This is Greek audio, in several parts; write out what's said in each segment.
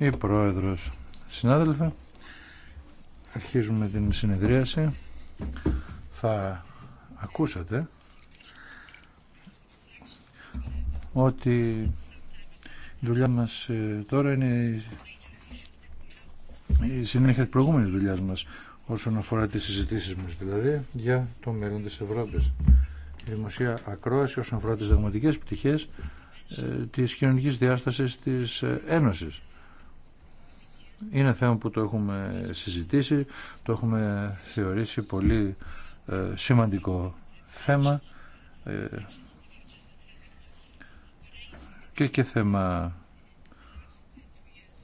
Η Πρόεδρος, συνάδελφε, αρχίζουμε την συνεδρίαση. Θα ακούσατε ότι η δουλειά μας ε, τώρα είναι η συνέχεια της προηγούμενης δουλειάς μας όσον αφορά τις συζητήσεις μας δηλαδή για το μέλλον της Ευρώπης. Η δημοσία ακρόαση όσον αφορά τις δογματικές πτυχές ε, της κοινωνικής διάστασης της ε, Ένωσης. Είναι θέμα που το έχουμε συζητήσει, το έχουμε θεωρήσει πολύ ε, σημαντικό θέμα και, και θέμα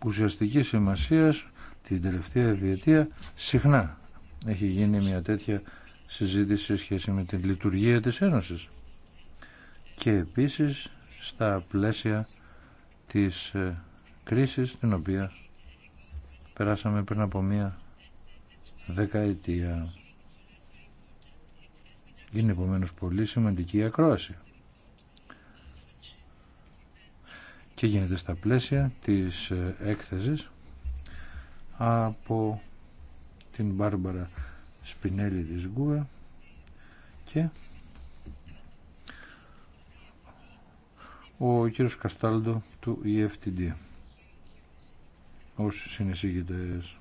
ουσιαστικής σημασίας την τελευταία διετία συχνά έχει γίνει μια τέτοια συζήτηση σε σχέση με την λειτουργία της Ένωσης και επίσης στα πλαίσια της ε, κρίσης την οποία περάσαμε πριν από μία δεκαετία. Είναι επομένω πολύ σημαντική η ακρόαση. Και γίνεται στα πλαίσια της ε, έκθεσης από την Μπάρμπαρα Σπινέλη της Γκούε και ο κύριος Καστάλντο του EFTD ως συνεισήγητες.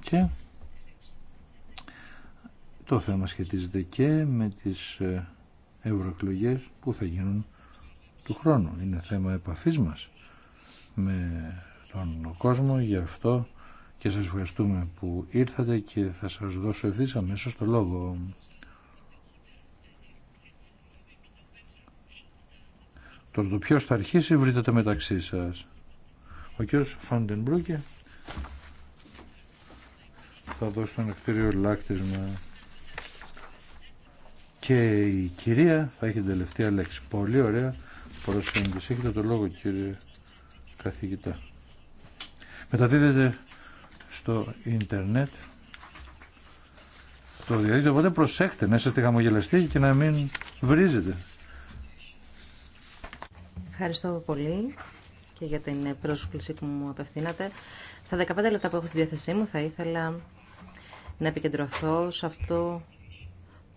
Και το θέμα σχετίζεται και με τις ε, ευρωεκλογέ που θα γίνουν του χρόνου. Είναι θέμα επαφής μας με τον κόσμο. Γι' αυτό και σας ευχαριστούμε που ήρθατε και θα σας δώσω ευθύς αμέσως το λόγο. Τώρα το ποιος θα αρχίσει βρείτε το μεταξύ σας. Ο κύριος Φαντενμπρούκε θα δώσει τον εκτήριο λάκτισμα και η κυρία θα έχει την τελευταία λέξη. Πολύ ωραία προσέγγιση. Έχετε το λόγο κύριε καθηγητά μεταδίδεται στο ίντερνετ το διαδίκτυο. Οπότε προσέχτε να είστε χαμογελαστή και να μην βρίζετε. Ευχαριστώ πολύ και για την πρόσκληση που μου απευθύνατε. Στα 15 λεπτά που έχω στη διάθεσή μου θα ήθελα να επικεντρωθώ σε αυτό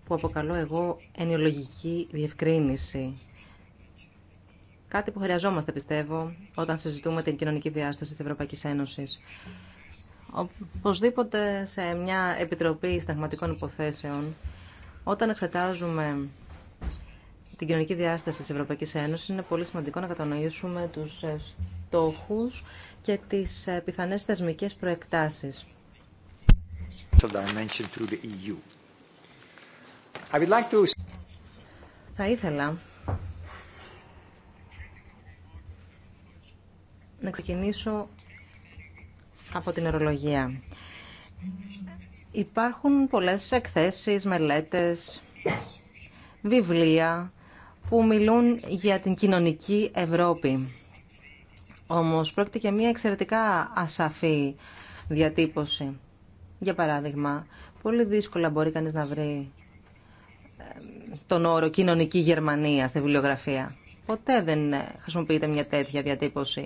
που αποκαλώ εγώ ενοιολογική διευκρίνηση Κάτι που χρειαζόμαστε, πιστεύω, όταν συζητούμε την κοινωνική διάσταση της Ευρωπαϊκής Ένωσης. Οπωσδήποτε σε μια επιτροπή σταγματικών υποθέσεων, όταν εξετάζουμε την κοινωνική διάσταση της Ευρωπαϊκής Ένωσης, είναι πολύ σημαντικό να κατανοήσουμε τους στόχους και τις πιθανές θεσμικές προεκτάσεις. E Θα ήθελα να ξεκινήσω από την ορολογία. Υπάρχουν πολλές εκθέσεις, μελέτες, βιβλία που μιλούν για την κοινωνική Ευρώπη. Όμως πρόκειται και μια εξαιρετικά ασαφή διατύπωση. Για παράδειγμα, πολύ δύσκολα μπορεί κανείς να βρει ε, τον όρο κοινωνική Γερμανία στη βιβλιογραφία. Ποτέ δεν ε, χρησιμοποιείται μια τέτοια διατύπωση.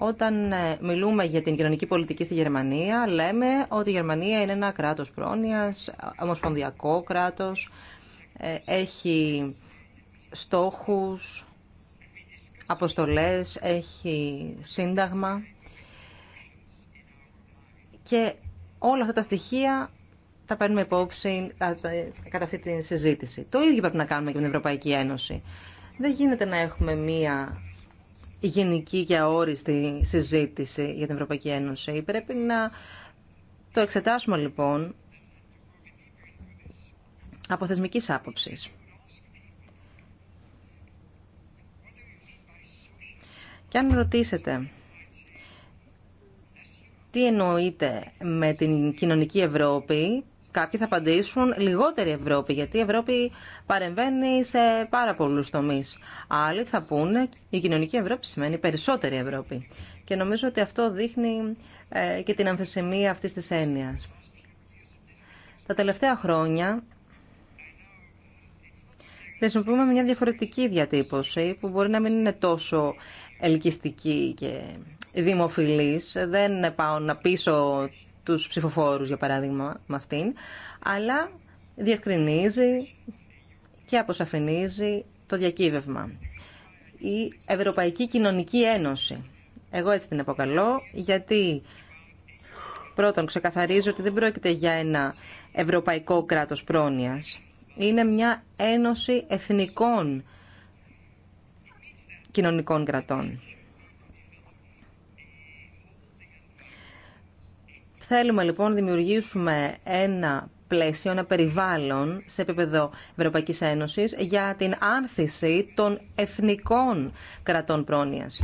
Όταν ε, μιλούμε για την κοινωνική πολιτική στη Γερμανία, λέμε ότι η Γερμανία είναι ένα κράτος πρόνοιας, ομοσπονδιακό κράτος, ε, έχει στόχους, αποστολές, έχει σύνταγμα και όλα αυτά τα στοιχεία τα παίρνουμε υπόψη κατά αυτή τη συζήτηση. Το ίδιο πρέπει να κάνουμε και με την Ευρωπαϊκή Ένωση. Δεν γίνεται να έχουμε μία γενική και αόριστη συζήτηση για την Ευρωπαϊκή Ένωση. Πρέπει να το εξετάσουμε λοιπόν από θεσμικής άποψης. Και αν ρωτήσετε τι εννοείται με την κοινωνική Ευρώπη, Κάποιοι θα απαντήσουν λιγότερη Ευρώπη, γιατί η Ευρώπη παρεμβαίνει σε πάρα πολλού τομεί. Άλλοι θα πούνε η κοινωνική Ευρώπη σημαίνει περισσότερη Ευρώπη. Και νομίζω ότι αυτό δείχνει ε, και την αμφισημία αυτή τη έννοια. Τα τελευταία χρόνια χρησιμοποιούμε μια διαφορετική διατύπωση που μπορεί να μην είναι τόσο ελκυστική και δημοφιλής. Δεν πάω να πείσω τους ψηφοφόρους, για παράδειγμα, με αυτήν, αλλά διευκρινίζει και αποσαφηνίζει το διακύβευμα. Η Ευρωπαϊκή Κοινωνική Ένωση. Εγώ έτσι την αποκαλώ, γιατί πρώτον ξεκαθαρίζει ότι δεν πρόκειται για ένα ευρωπαϊκό κράτος πρόνοιας. Είναι μια ένωση εθνικών κοινωνικών κρατών. Θέλουμε λοιπόν να δημιουργήσουμε ένα πλαίσιο, ένα περιβάλλον σε επίπεδο Ευρωπαϊκής Ένωσης για την άνθηση των εθνικών κρατών πρόνοιας.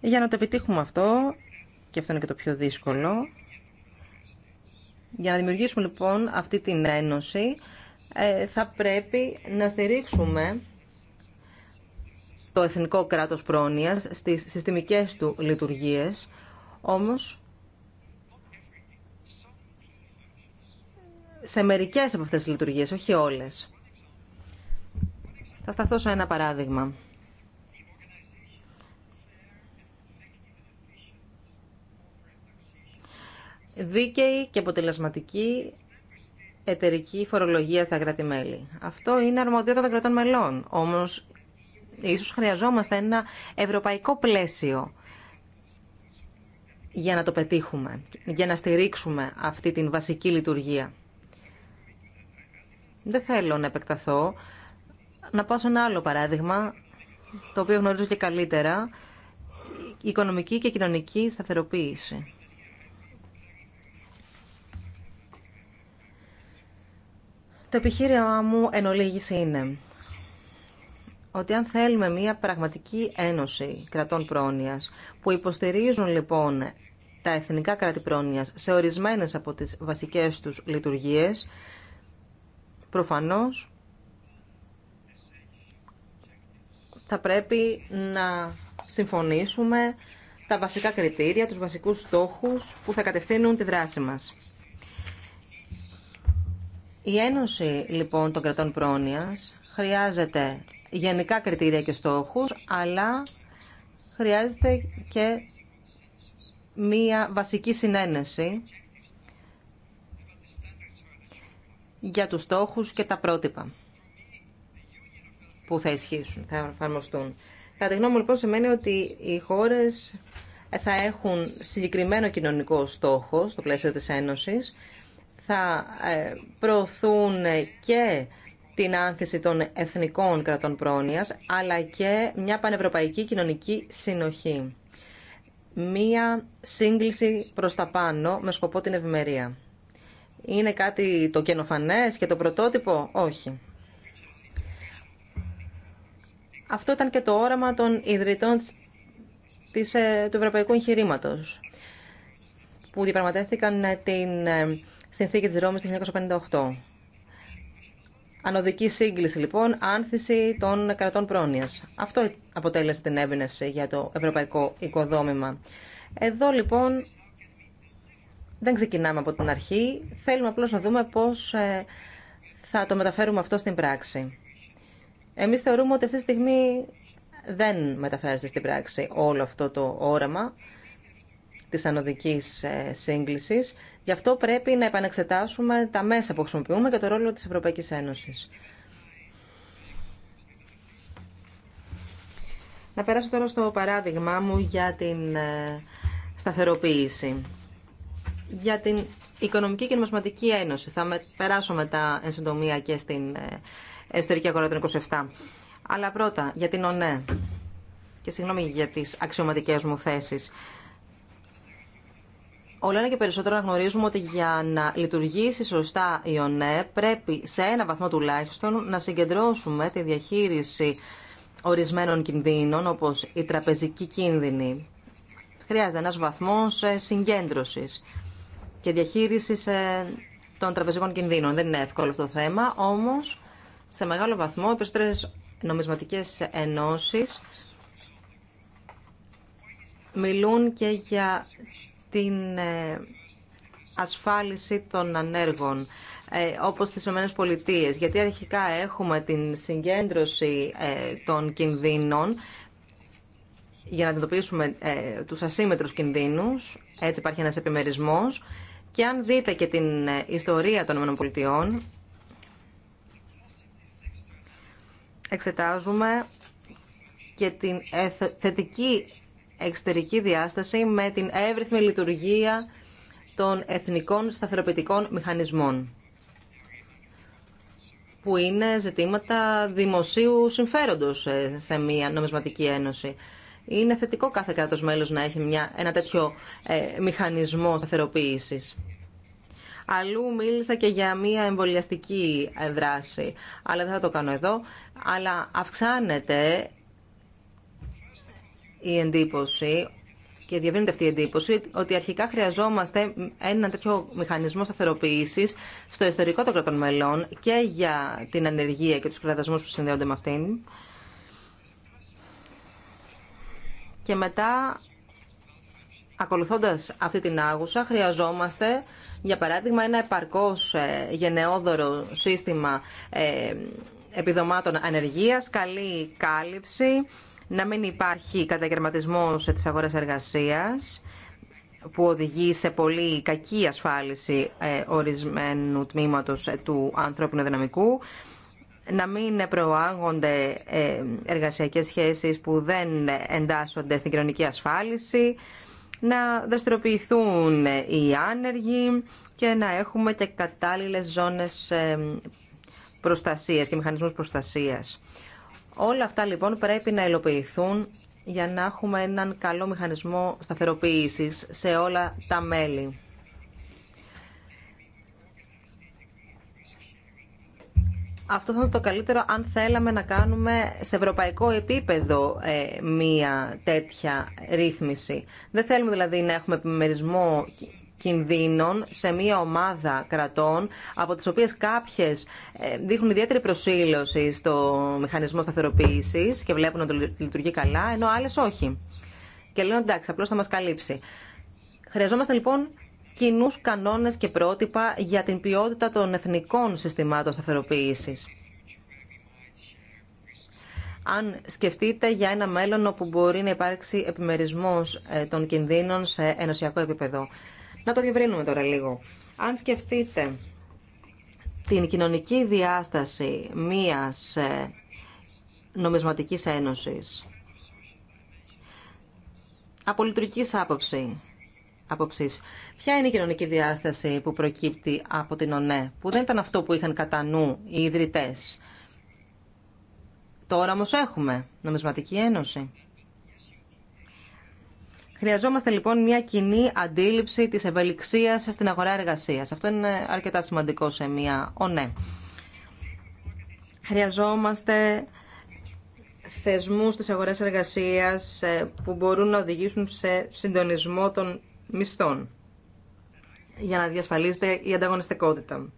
Για να το επιτύχουμε αυτό, και αυτό είναι και το πιο δύσκολο, για να δημιουργήσουμε λοιπόν αυτή την ένωση, ε, θα πρέπει να στηρίξουμε το εθνικό κράτος πρόνοιας στις συστημικές του λειτουργίες, όμως σε μερικές από αυτές τις λειτουργίες, όχι όλες. Θα σταθώ σε ένα παράδειγμα. Δίκαιη και αποτελεσματική εταιρική φορολογία στα κράτη-μέλη. Αυτό είναι αρμοδιότητα των κρατών μελών. Όμως ίσως χρειαζόμαστε ένα ευρωπαϊκό πλαίσιο για να το πετύχουμε, για να στηρίξουμε αυτή την βασική λειτουργία. Δεν θέλω να επεκταθώ. Να πάω σε ένα άλλο παράδειγμα, το οποίο γνωρίζω και καλύτερα, οικονομική και κοινωνική σταθεροποίηση. Το επιχείρημα μου εν είναι ότι αν θέλουμε μια πραγματική ένωση κρατών πρόνοιας που υποστηρίζουν λοιπόν τα εθνικά κράτη πρόνοιας σε ορισμένες από τις βασικές τους λειτουργίες, προφανώς θα πρέπει να συμφωνήσουμε τα βασικά κριτήρια, τους βασικούς στόχους που θα κατευθύνουν τη δράση μας. Η Ένωση λοιπόν των κρατών πρόνοιας χρειάζεται γενικά κριτήρια και στόχους, αλλά χρειάζεται και μία βασική συνένεση για τους στόχους και τα πρότυπα που θα ισχύσουν, θα εφαρμοστούν. Κατά τη γνώμη μου, λοιπόν, σημαίνει ότι οι χώρες θα έχουν συγκεκριμένο κοινωνικό στόχο στο πλαίσιο της Ένωσης, θα ε, προωθούν και την άνθηση των εθνικών κρατών πρόνοιας, αλλά και μια πανευρωπαϊκή κοινωνική συνοχή. Μία σύγκληση προς τα πάνω με σκοπό την ευημερία. Είναι κάτι το καινοφανές και το πρωτότυπο? Όχι. Αυτό ήταν και το όραμα των ιδρυτών ε, του Ευρωπαϊκού εγχειρήματο που διαπραγματεύτηκαν ε, την ε, συνθήκη της Ρώμης το 1958. Ανοδική σύγκληση λοιπόν, άνθηση των κρατών πρόνοια. Αυτό αποτέλεσε την έμπνευση για το ευρωπαϊκό οικοδόμημα. Εδώ λοιπόν δεν ξεκινάμε από την αρχή, θέλουμε απλώς να δούμε πώς ε, θα το μεταφέρουμε αυτό στην πράξη. Εμείς θεωρούμε ότι αυτή τη στιγμή δεν μεταφράζεται στην πράξη όλο αυτό το όραμα της ανωδικής ε, σύγκλησης. Γι' αυτό πρέπει να επανεξετάσουμε τα μέσα που χρησιμοποιούμε και το ρόλο της Ευρωπαϊκής Ένωσης. Να περάσω τώρα στο παράδειγμά μου για την ε, σταθεροποίηση. Για την Οικονομική και Νομισματική Ένωση. Θα με, περάσω μετά εν συντομία και στην ε, εσωτερική αγορά των 27. Αλλά πρώτα για την ΟΝΕ. Και συγγνώμη για τις αξιωματικές μου θέσεις. Όλο ένα και περισσότερο να γνωρίζουμε ότι για να λειτουργήσει σωστά η ΟΝΕ πρέπει σε ένα βαθμό τουλάχιστον να συγκεντρώσουμε τη διαχείριση ορισμένων κινδύνων όπως η τραπεζική κίνδυνη. Χρειάζεται ένας βαθμός ε, συγκέντρωσης και διαχείρισης ε, των τραπεζικών κινδύνων. Δεν είναι εύκολο αυτό το θέμα, όμως σε μεγάλο βαθμό οι περισσότερες νομισματικές ενώσεις μιλούν και για την ε, ασφάλιση των ανέργων ε, όπως στις Ηνωμένες Πολιτείες γιατί αρχικά έχουμε την συγκέντρωση ε, των κινδύνων για να αντιμετωπίσουμε τους ασύμετρους κινδύνους έτσι υπάρχει ένας επιμερισμός και αν δείτε και την ιστορία των ΗΠΑ εξετάζουμε και την θετική εξωτερική διάσταση με την εύρυθμη λειτουργία των εθνικών σταθεροποιητικών μηχανισμών που είναι ζητήματα δημοσίου συμφέροντος ε, σε μια νομισματική ένωση. Είναι θετικό κάθε κράτος μέλος να έχει μια, ένα τέτοιο ε, μηχανισμό σταθεροποίησης. Αλλού μίλησα και για μια εμβολιαστική ε, δράση, αλλά δεν θα το κάνω εδώ. Αλλά αυξάνεται η εντύπωση και διαβίνεται αυτή η εντύπωση ότι αρχικά χρειαζόμαστε ένα τέτοιο μηχανισμό σταθεροποίηση στο ιστορικό των κρατών μελών και για την ανεργία και του κραδασμού που συνδέονται με αυτήν. Και μετά, ακολουθώντας αυτή την άγουσα, χρειαζόμαστε, για παράδειγμα, ένα επαρκώς ε, γενναιόδωρο σύστημα ε, επιδομάτων ανεργία, καλή κάλυψη, να μην υπάρχει καταγερματισμό τη αγορα εργασίας που οδηγεί σε πολύ κακή ασφάλιση ε, ορισμένου τμήματος ε, του ανθρώπινου δυναμικού, να μην προάγονται ε, εργασιακές σχέσεις που δεν εντάσσονται στην κοινωνική ασφάλιση, να δραστηριοποιηθούν οι άνεργοι και να έχουμε και κατάλληλες ζώνες προστασίας και μηχανισμούς προστασίας. Όλα αυτά λοιπόν πρέπει να υλοποιηθούν για να έχουμε έναν καλό μηχανισμό σταθεροποίησης σε όλα τα μέλη. Αυτό θα ήταν το καλύτερο αν θέλαμε να κάνουμε σε ευρωπαϊκό επίπεδο ε, μία τέτοια ρύθμιση. Δεν θέλουμε δηλαδή να έχουμε επιμερισμό κινδύνων σε μια ομάδα κρατών, από τις οποίες κάποιες ε, δείχνουν ιδιαίτερη προσήλωση στο μηχανισμό σταθεροποίησης και βλέπουν ότι λειτουργεί καλά, ενώ άλλες όχι. Και λένε εντάξει, απλώς θα μας καλύψει. Χρειαζόμαστε λοιπόν κοινού κανόνες και πρότυπα για την ποιότητα των εθνικών συστημάτων σταθεροποίησης. Αν σκεφτείτε για ένα μέλλον όπου μπορεί να υπάρξει επιμερισμός ε, των κινδύνων σε ενωσιακό επίπεδο. Να το διευρύνουμε τώρα λίγο. Αν σκεφτείτε την κοινωνική διάσταση μίας ε, νομισματικής ένωσης, από λειτουργική άποψη, άποψης, ποια είναι η κοινωνική διάσταση που προκύπτει από την ΟΝΕ, που δεν ήταν αυτό που είχαν κατά νου οι ιδρυτές. Τώρα όμως έχουμε νομισματική ένωση. Χρειαζόμαστε λοιπόν μια κοινή αντίληψη της ευελιξίας στην αγορά εργασίας. Αυτό είναι αρκετά σημαντικό σε μια ΟΝΕ. Ναι. Χρειαζόμαστε θεσμούς της αγοράς εργασίας ε, που μπορούν να οδηγήσουν σε συντονισμό των μισθών για να διασφαλίζεται η ανταγωνιστικότητα.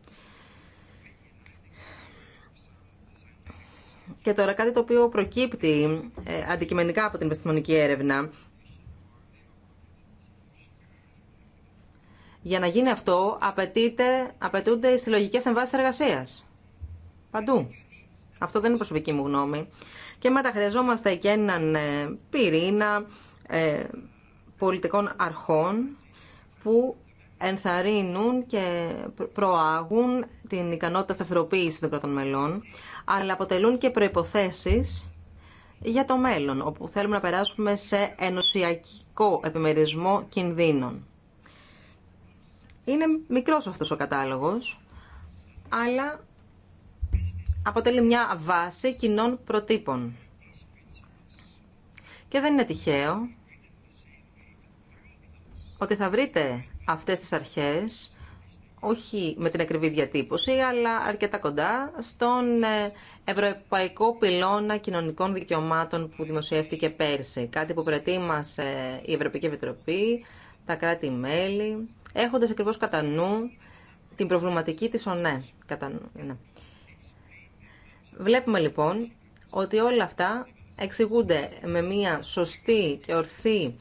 Και τώρα κάτι το οποίο προκύπτει ε, αντικειμενικά από την επιστημονική έρευνα Για να γίνει αυτό απαιτούνται οι συλλογικέ εμβάσει εργασία. Παντού. Αυτό δεν είναι προσωπική μου γνώμη. Και μετά χρειαζόμαστε και έναν ε, πυρήνα ε, πολιτικών αρχών που ενθαρρύνουν και προάγουν την ικανότητα σταθεροποίηση των πρώτων μελών, αλλά αποτελούν και προϋποθέσεις για το μέλλον, όπου θέλουμε να περάσουμε σε ενωσιακό επιμερισμό κινδύνων. Είναι μικρός αυτός ο κατάλογος, αλλά αποτελεί μια βάση κοινών προτύπων. Και δεν είναι τυχαίο ότι θα βρείτε αυτές τις αρχές, όχι με την ακριβή διατύπωση, αλλά αρκετά κοντά στον ε, Ευρωπαϊκό Πυλώνα Κοινωνικών Δικαιωμάτων που δημοσιεύτηκε πέρσι. Κάτι που προετοίμασε η Ευρωπαϊκή Επιτροπή, τα κράτη-μέλη έχοντας ακριβώς κατά νου την προβληματική της ΟΝΕ. Ναι, κατά ναι. Βλέπουμε λοιπόν ότι όλα αυτά εξηγούνται με μια σωστή και ορθή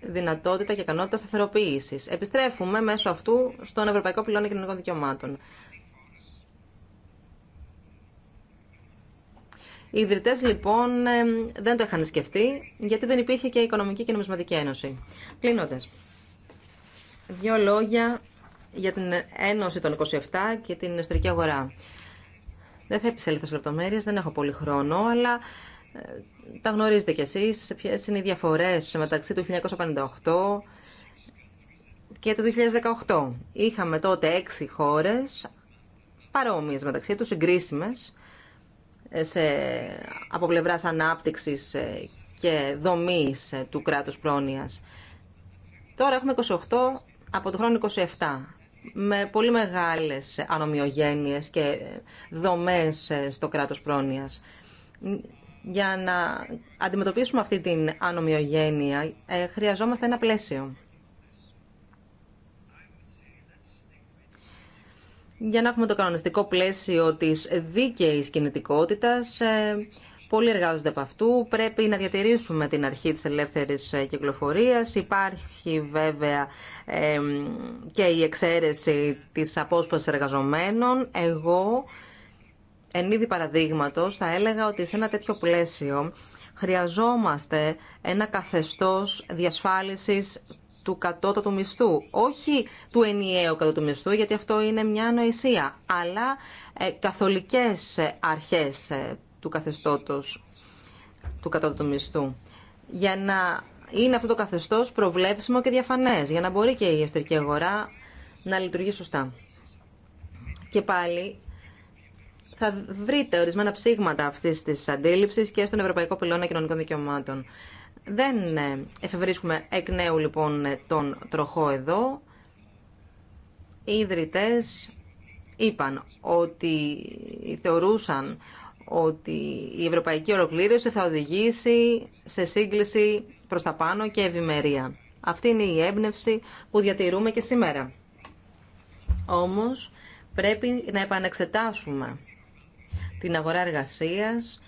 δυνατότητα και ικανότητα σταθεροποίηση. Επιστρέφουμε μέσω αυτού στον Ευρωπαϊκό Πυλώνα Κοινωνικών Δικαιωμάτων. Οι ιδρυτέ λοιπόν ε, δεν το είχαν σκεφτεί, γιατί δεν υπήρχε και η Οικονομική και Νομισματική Ένωση. Κλείνοντα, Δύο λόγια για την Ένωση των 27 και την εσωτερική αγορά. Δεν θα επισέλθω σε λεπτομέρειε, δεν έχω πολύ χρόνο, αλλά ε, τα γνωρίζετε κι εσείς, Ποιε είναι οι διαφορέ μεταξύ του 1958 και του 2018. Είχαμε τότε έξι χώρε, παρόμοιε μεταξύ του συγκρίσιμε ε, σε, από πλευρά ανάπτυξης ε, και δομής του κράτου πρόνοια. Τώρα έχουμε 28 από το χρόνο 27 με πολύ μεγάλες ανομοιογένειες και δομές ε, στο κράτος πρόνοιας. Για να αντιμετωπίσουμε αυτή την ανομοιογένεια ε, χρειαζόμαστε ένα πλαίσιο. για να έχουμε το κανονιστικό πλαίσιο της δίκαιης κινητικότητας ε, Πολλοί εργάζονται από αυτού. Πρέπει να διατηρήσουμε την αρχή της ελεύθερης ε, κυκλοφορίας. Υπάρχει βέβαια και η εξαίρεση της απόσπασης εργαζομένων. Εγώ, εν είδη παραδείγματος, θα έλεγα ότι σε ένα τέτοιο πλαίσιο χρειαζόμαστε ένα καθεστώς διασφάλισης του κατώτατου μισθού. Όχι του ενιαίου κατώτατου μισθού, γιατί αυτό είναι μια ανοησία, αλλά ε, καθολικές αρχές ε, του καθεστώτος του κατώτατου μισθού. Για να είναι αυτό το καθεστώς προβλέψιμο και διαφανές, για να μπορεί και η εστρική αγορά να λειτουργεί σωστά. Και πάλι θα βρείτε ορισμένα ψήγματα αυτής της αντίληψης και στον Ευρωπαϊκό Πυλώνα Κοινωνικών Δικαιωμάτων. Δεν ε, εφευρίσκουμε εκ νέου λοιπόν τον τροχό εδώ. Οι ιδρυτές είπαν ότι θεωρούσαν ότι η ευρωπαϊκή ολοκλήρωση θα οδηγήσει σε σύγκληση προς τα πάνω και ευημερία. Αυτή είναι η έμπνευση που διατηρούμε και σήμερα. Όμως πρέπει να επανεξετάσουμε την αγορά εργασίας,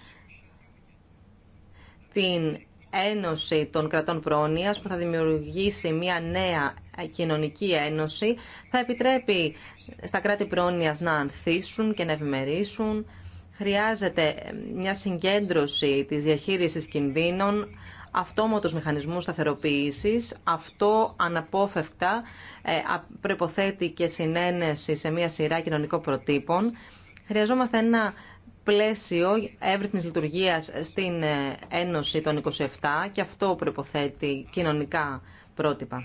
την ένωση των κρατών πρόνοιας που θα δημιουργήσει μια νέα κοινωνική ένωση, θα επιτρέπει στα κράτη πρόνοιας να ανθίσουν και να ευημερήσουν, Χρειάζεται μια συγκέντρωση της διαχείρισης κινδύνων, αυτόματος μηχανισμού σταθεροποίησης. Αυτό αναπόφευκτα ε, προϋποθέτει και συνένεση σε μια σειρά κοινωνικών προτύπων. Χρειαζόμαστε ένα πλαίσιο εύρυθμης λειτουργίας στην ε, Ένωση των 27 και αυτό προϋποθέτει κοινωνικά πρότυπα.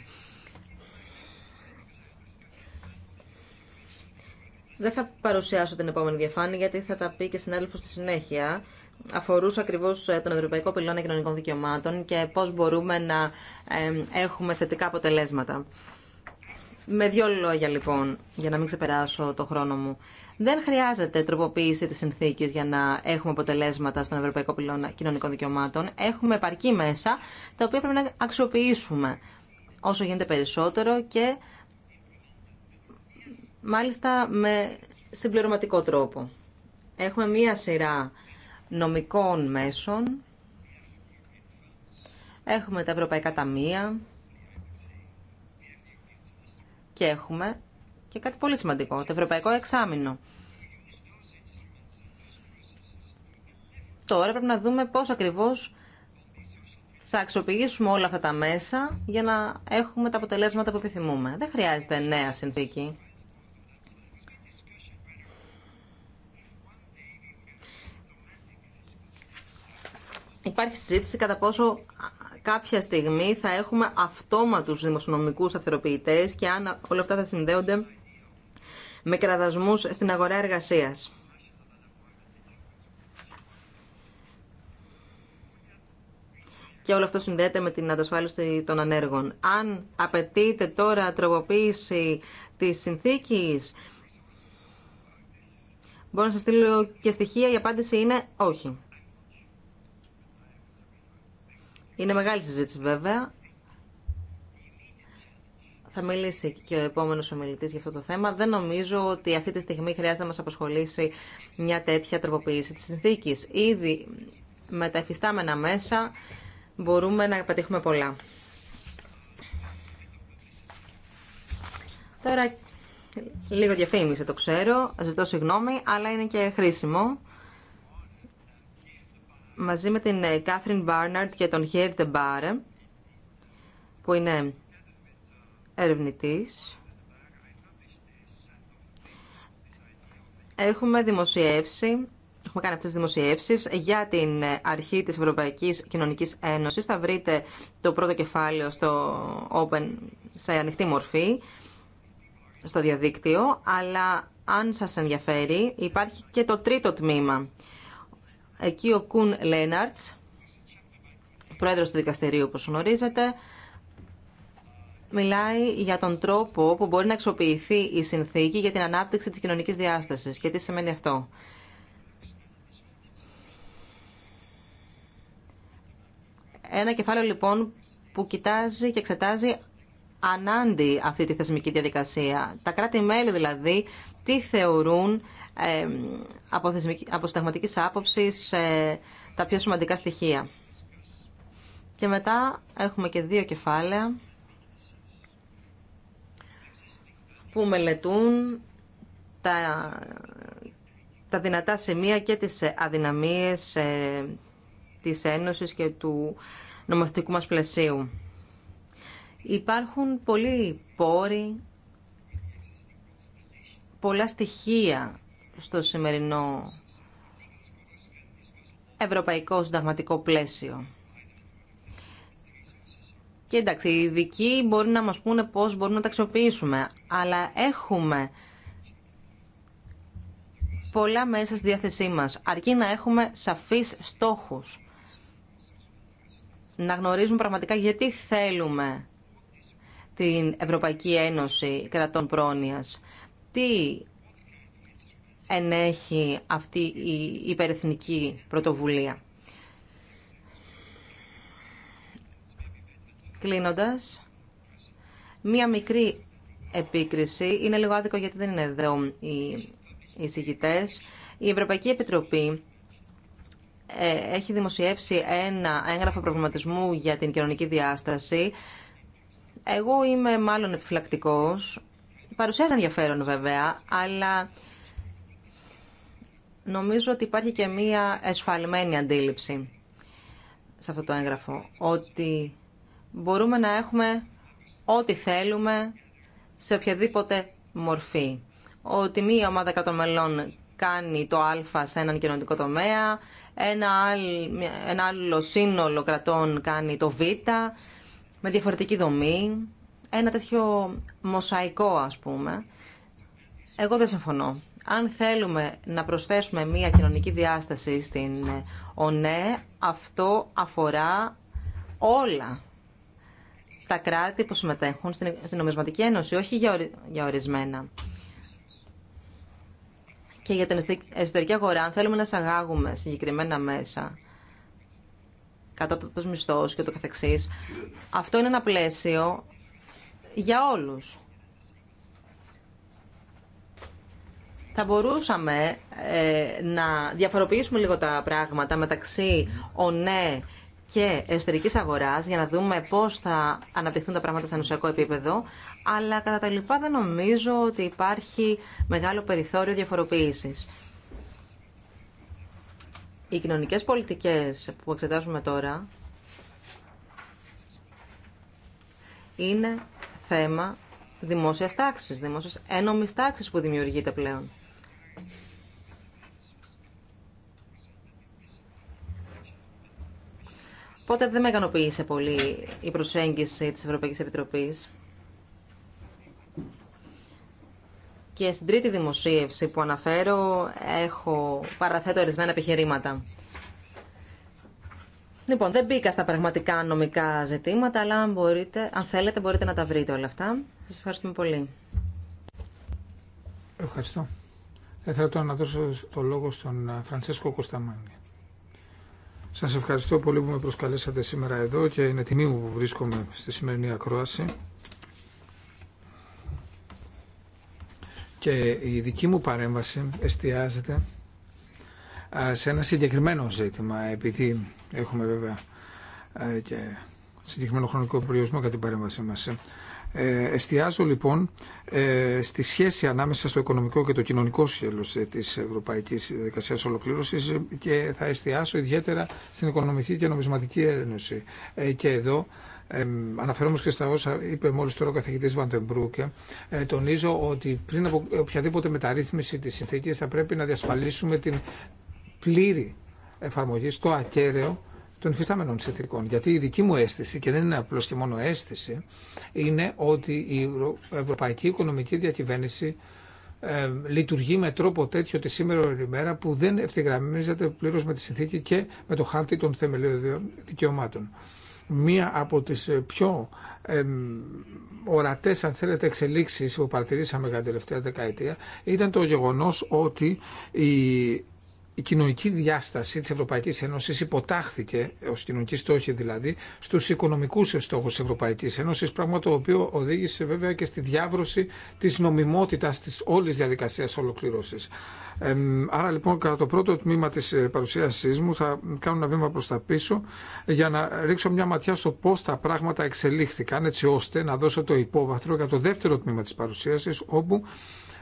Δεν θα παρουσιάσω την επόμενη διαφάνεια γιατί θα τα πει και συνάδελφος στη συνέχεια. Αφορούσε ακριβώ ε, τον Ευρωπαϊκό Πυλώνα Κοινωνικών Δικαιωμάτων και πώ μπορούμε να έχουμε θετικά αποτελέσματα. Με δύο λόγια λοιπόν, για να μην ξεπεράσω το χρόνο μου. Δεν χρειάζεται τροποποίηση τη συνθήκη για να έχουμε αποτελέσματα στον Ευρωπαϊκό Πυλώνα Κοινωνικών Δικαιωμάτων. Έχουμε επαρκή μέσα τα οποία πρέπει να αξιοποιήσουμε όσο γίνεται περισσότερο και μάλιστα με συμπληρωματικό τρόπο. Έχουμε μία σειρά νομικών μέσων. Έχουμε τα ευρωπαϊκά ταμεία και έχουμε και κάτι πολύ σημαντικό, το ευρωπαϊκό εξάμεινο. Τώρα πρέπει να δούμε πώς ακριβώς θα αξιοποιήσουμε όλα αυτά τα μέσα για να έχουμε τα αποτελέσματα που επιθυμούμε. Δεν χρειάζεται νέα συνθήκη. Υπάρχει συζήτηση κατά πόσο κάποια στιγμή θα έχουμε αυτόματους δημοσιονομικούς σταθεροποιητές και αν όλα αυτά θα συνδέονται με κραδασμούς στην αγορά εργασίας. Και όλο αυτό συνδέεται με την αντασφάλιση των ανέργων. Αν απαιτείται τώρα τροποποίηση της συνθήκης, μπορώ να σας στείλω και στοιχεία, η απάντηση είναι όχι. Είναι μεγάλη συζήτηση βέβαια. Θα μιλήσει και ο επόμενος ομιλητής για αυτό το θέμα. Δεν νομίζω ότι αυτή τη στιγμή χρειάζεται να μας απασχολήσει μια τέτοια τροποποίηση της συνθήκης. Ήδη με τα εφιστάμενα μέσα μπορούμε να πετύχουμε πολλά. Τώρα λίγο διαφήμιση, το ξέρω, ζητώ συγγνώμη, αλλά είναι και χρήσιμο μαζί με την Κάθριν ε, Μπάρναρτ και τον Χέρτε Τεμπάρε, που είναι ερευνητής. Έχουμε δημοσιεύσει, έχουμε κάνει αυτές τις δημοσιεύσεις για την ε, αρχή της Ευρωπαϊκής Κοινωνικής Ένωσης. Θα βρείτε το πρώτο κεφάλαιο στο Open, σε ανοιχτή μορφή, στο διαδίκτυο, αλλά αν σας ενδιαφέρει υπάρχει και το τρίτο τμήμα Εκεί ο Κουν Λέναρτς, πρόεδρος του δικαστηρίου όπως γνωρίζετε, μιλάει για τον τρόπο που μπορεί να αξιοποιηθεί η συνθήκη για την ανάπτυξη της κοινωνικής διάστασης. Και τι σημαίνει αυτό. Ένα κεφάλαιο λοιπόν που κοιτάζει και εξετάζει ανάντι αυτή τη θεσμική διαδικασία. Τα κράτη-μέλη δηλαδή τι θεωρούν ε, από, από άποψης τα πιο σημαντικά στοιχεία. Και μετά έχουμε και δύο κεφάλαια που μελετούν τα, τα δυνατά σημεία και τις αδυναμίες ε, της Ένωσης και του νομοθετικού μας πλαισίου. Υπάρχουν πολλοί πόροι, πολλά στοιχεία στο σημερινό ευρωπαϊκό συνταγματικό πλαίσιο. Και εντάξει, οι ειδικοί μπορεί να μας πούνε πώς μπορούμε να τα αξιοποιήσουμε, αλλά έχουμε πολλά μέσα στη διάθεσή μας, αρκεί να έχουμε σαφείς στόχους. Να γνωρίζουμε πραγματικά γιατί θέλουμε την Ευρωπαϊκή Ένωση Κρατών Πρόνοιας. Τι ενέχει αυτή η υπερεθνική πρωτοβουλία. Κλείνοντας, μία μικρή επίκριση. Είναι λίγο άδικο γιατί δεν είναι εδώ οι εισηγητές. Η Ευρωπαϊκή Επιτροπή ε, έχει δημοσιεύσει ένα έγγραφο προβληματισμού για την κοινωνική διάσταση εγώ είμαι μάλλον επιφυλακτικό, Παρουσιάζει ενδιαφέρον βέβαια, αλλά νομίζω ότι υπάρχει και μία εσφαλμένη αντίληψη σε αυτό το έγγραφο. Ότι μπορούμε να έχουμε ό,τι θέλουμε σε οποιαδήποτε μορφή. Ότι μία ομάδα κρατών μελών κάνει το α σε έναν κοινωνικό τομέα, ένα άλλο σύνολο κρατών κάνει το β με διαφορετική δομή, ένα τέτοιο μοσαϊκό ας πούμε. Εγώ δεν συμφωνώ. Αν θέλουμε να προσθέσουμε μία κοινωνική διάσταση στην ΟΝΕ, ναι, αυτό αφορά όλα τα κράτη που συμμετέχουν στην Νομισματική Ένωση, όχι για ορισμένα. Και για την εσωτερική αγορά, αν θέλουμε να σαγάγουμε συγκεκριμένα μέσα, το μισθό και το καθεξής. Αυτό είναι ένα πλαίσιο για όλους. Θα μπορούσαμε ε, να διαφοροποιήσουμε λίγο τα πράγματα μεταξύ ΟΝΕ ναι και εσωτερική αγορά για να δούμε πώ θα αναπτυχθούν τα πράγματα σε ενωσιακό επίπεδο. Αλλά κατά τα λοιπά δεν νομίζω ότι υπάρχει μεγάλο περιθώριο διαφοροποίηση. Οι κοινωνικές πολιτικές που εξετάζουμε τώρα είναι θέμα δημόσιας τάξης, δημόσιας ένομης τάξης που δημιουργείται πλέον. Οπότε δεν με ικανοποίησε πολύ η προσέγγιση της Ευρωπαϊκής Επιτροπής Και στην τρίτη δημοσίευση που αναφέρω έχω παραθέτω ορισμένα επιχειρήματα. Λοιπόν, δεν μπήκα στα πραγματικά νομικά ζητήματα, αλλά αν, μπορείτε, αν θέλετε μπορείτε να τα βρείτε όλα αυτά. Σας ευχαριστούμε πολύ. Ευχαριστώ. Θα ήθελα τώρα να δώσω το λόγο στον ε, Φρανσίσκο Κωνσταμάνη. Σας ευχαριστώ πολύ που με προσκαλέσατε σήμερα εδώ και είναι τιμή μου που βρίσκομαι στη σημερινή ακρόαση. και η δική μου παρέμβαση εστιάζεται σε ένα συγκεκριμένο ζήτημα, επειδή έχουμε βέβαια και συγκεκριμένο χρονικό περιορισμό κατά την παρέμβασή μας. Ε, εστιάζω λοιπόν ε, στη σχέση ανάμεσα στο οικονομικό και το κοινωνικό σχέλος ε, της Ευρωπαϊκής Δικασίας Ολοκλήρωσης και θα εστιάσω ιδιαίτερα στην Οικονομική και Νομισματική Ένωση. και εδώ ε, και στα όσα είπε μόλι τώρα ο καθηγητή Βαντεμπρούκε, ε, τονίζω ότι πριν από οποιαδήποτε μεταρρύθμιση τη συνθήκη θα πρέπει να διασφαλίσουμε την πλήρη εφαρμογή στο ακέραιο των υφιστάμενων συνθήκων. Γιατί η δική μου αίσθηση, και δεν είναι απλώ και μόνο αίσθηση, είναι ότι η ευρωπαϊκή οικονομική διακυβέρνηση λειτουργεί με τρόπο τέτοιο τη σήμερα ημέρα που δεν ευθυγραμμίζεται πλήρω με τη συνθήκη και με το χάρτη των θεμελιωδών δικαιωμάτων μία από τις ε, πιο εμ, ορατές αν θέλετε εξελίξεις που παρατηρήσαμε για την τελευταία δεκαετία ήταν το γεγονός ότι η η κοινωνική διάσταση της Ευρωπαϊκής Ένωσης υποτάχθηκε, ως κοινωνική στόχη δηλαδή, στους οικονομικούς στόχους της Ευρωπαϊκής Ένωσης, πράγμα το οποίο οδήγησε βέβαια και στη διάβρωση της νομιμότητας της όλης διαδικασίας ολοκλήρωσης. Ε, άρα λοιπόν κατά το πρώτο τμήμα της ε, παρουσίασής μου θα κάνω ένα βήμα προς τα πίσω για να ρίξω μια ματιά στο πώς τα πράγματα εξελίχθηκαν έτσι ώστε να δώσω το υπόβαθρο για το δεύτερο τμήμα της παρουσίασης όπου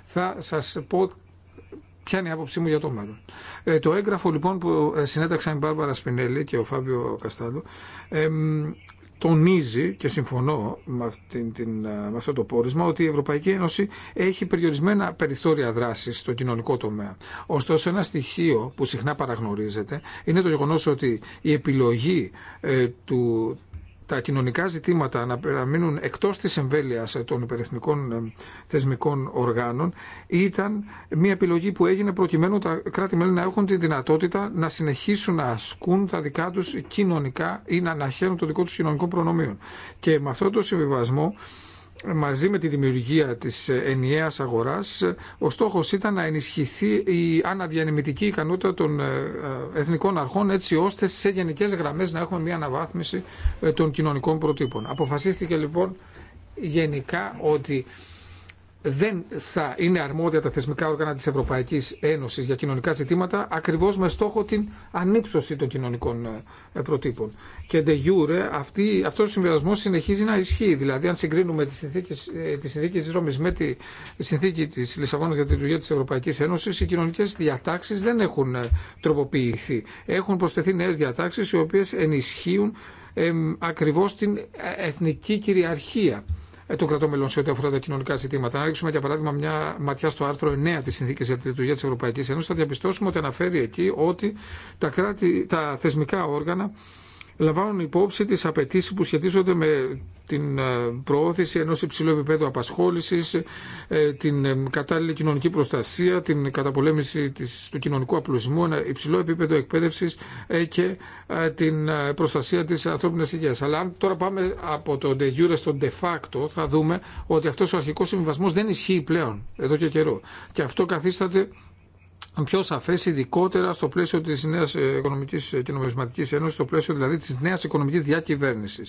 θα σας πω Ποια είναι η άποψή μου για το μέλλον. Ε, το έγγραφο λοιπόν που ε, συνέταξαν η Μπάρμπαρα Σπινέλη και ο Φάβιο Καστάλο τονίζει και συμφωνώ με, την, ε, αυτό το πόρισμα ότι η Ευρωπαϊκή Ένωση έχει περιορισμένα περιθώρια δράσης στο κοινωνικό τομέα. Ωστόσο ένα στοιχείο που συχνά παραγνωρίζεται είναι το γεγονός ότι η επιλογή ε, του, τα κοινωνικά ζητήματα να παραμείνουν εκτός της εμβέλειας των υπερεθνικών ε, θεσμικών οργάνων ήταν μια επιλογή που έγινε προκειμένου τα κράτη-μέλη να έχουν τη δυνατότητα να συνεχίσουν να ασκούν τα δικά τους κοινωνικά ή να αναχαίρουν το δικό τους κοινωνικό προνομίο. Και με αυτόν τον συμβιβασμό μαζί με τη δημιουργία της ενιαίας αγοράς ο στόχος ήταν να ενισχυθεί η αναδιανεμητική ικανότητα των ε, ε, εθνικών αρχών έτσι ώστε σε γενικές γραμμές να έχουμε μια αναβάθμιση ε, των κοινωνικών προτύπων. Αποφασίστηκε λοιπόν γενικά ότι δεν θα είναι αρμόδια τα θεσμικά όργανα της Ευρωπαϊκής Ένωσης για κοινωνικά ζητήματα ακριβώς με στόχο την ανύψωση των κοινωνικών ε, προτύπων. Και de jure αυτή, αυτός ο συμβιβασμός συνεχίζει να ισχύει. Δηλαδή αν συγκρίνουμε τη συνθήκη, ε, τη συνθήκη της Ρώμης με τη συνθήκη της Λισαβόνας για τη λειτουργία της Ευρωπαϊκής Ένωσης οι κοινωνικές διατάξεις δεν έχουν ε, τροποποιηθεί. Έχουν προσθεθεί νέες διατάξεις οι οποίες ενισχύουν ε, ακριβώς την εθνική κυριαρχία ε, των κρατών μελών σε ό,τι αφορά τα κοινωνικά ζητήματα. Αν ρίξουμε για παράδειγμα μια ματιά στο άρθρο 9 τη Συνθήκη για τη Λειτουργία τη Ευρωπαϊκή Ένωση, θα διαπιστώσουμε ότι αναφέρει εκεί ότι τα, κράτη, τα θεσμικά όργανα λαμβάνουν υπόψη τις απαιτήσει που σχετίζονται με την ε, προώθηση ενός υψηλού επίπεδου απασχόλησης, ε, την ε, κατάλληλη κοινωνική προστασία, την καταπολέμηση του κοινωνικού απλουσμού, ένα υψηλό επίπεδο εκπαίδευσης και την προστασία της ανθρώπινης υγείας. Αλλά αν τώρα πάμε από το de jure στο de facto, θα δούμε ότι αυτός ο αρχικός συμβιβασμός δεν ισχύει πλέον εδώ και καιρό. Και αυτό καθίσταται πιο σαφέ, ειδικότερα στο πλαίσιο τη νέα ε, οικονομική ε, και νομισματική ένωση, στο πλαίσιο δηλαδή τη νέα οικονομική διακυβέρνηση.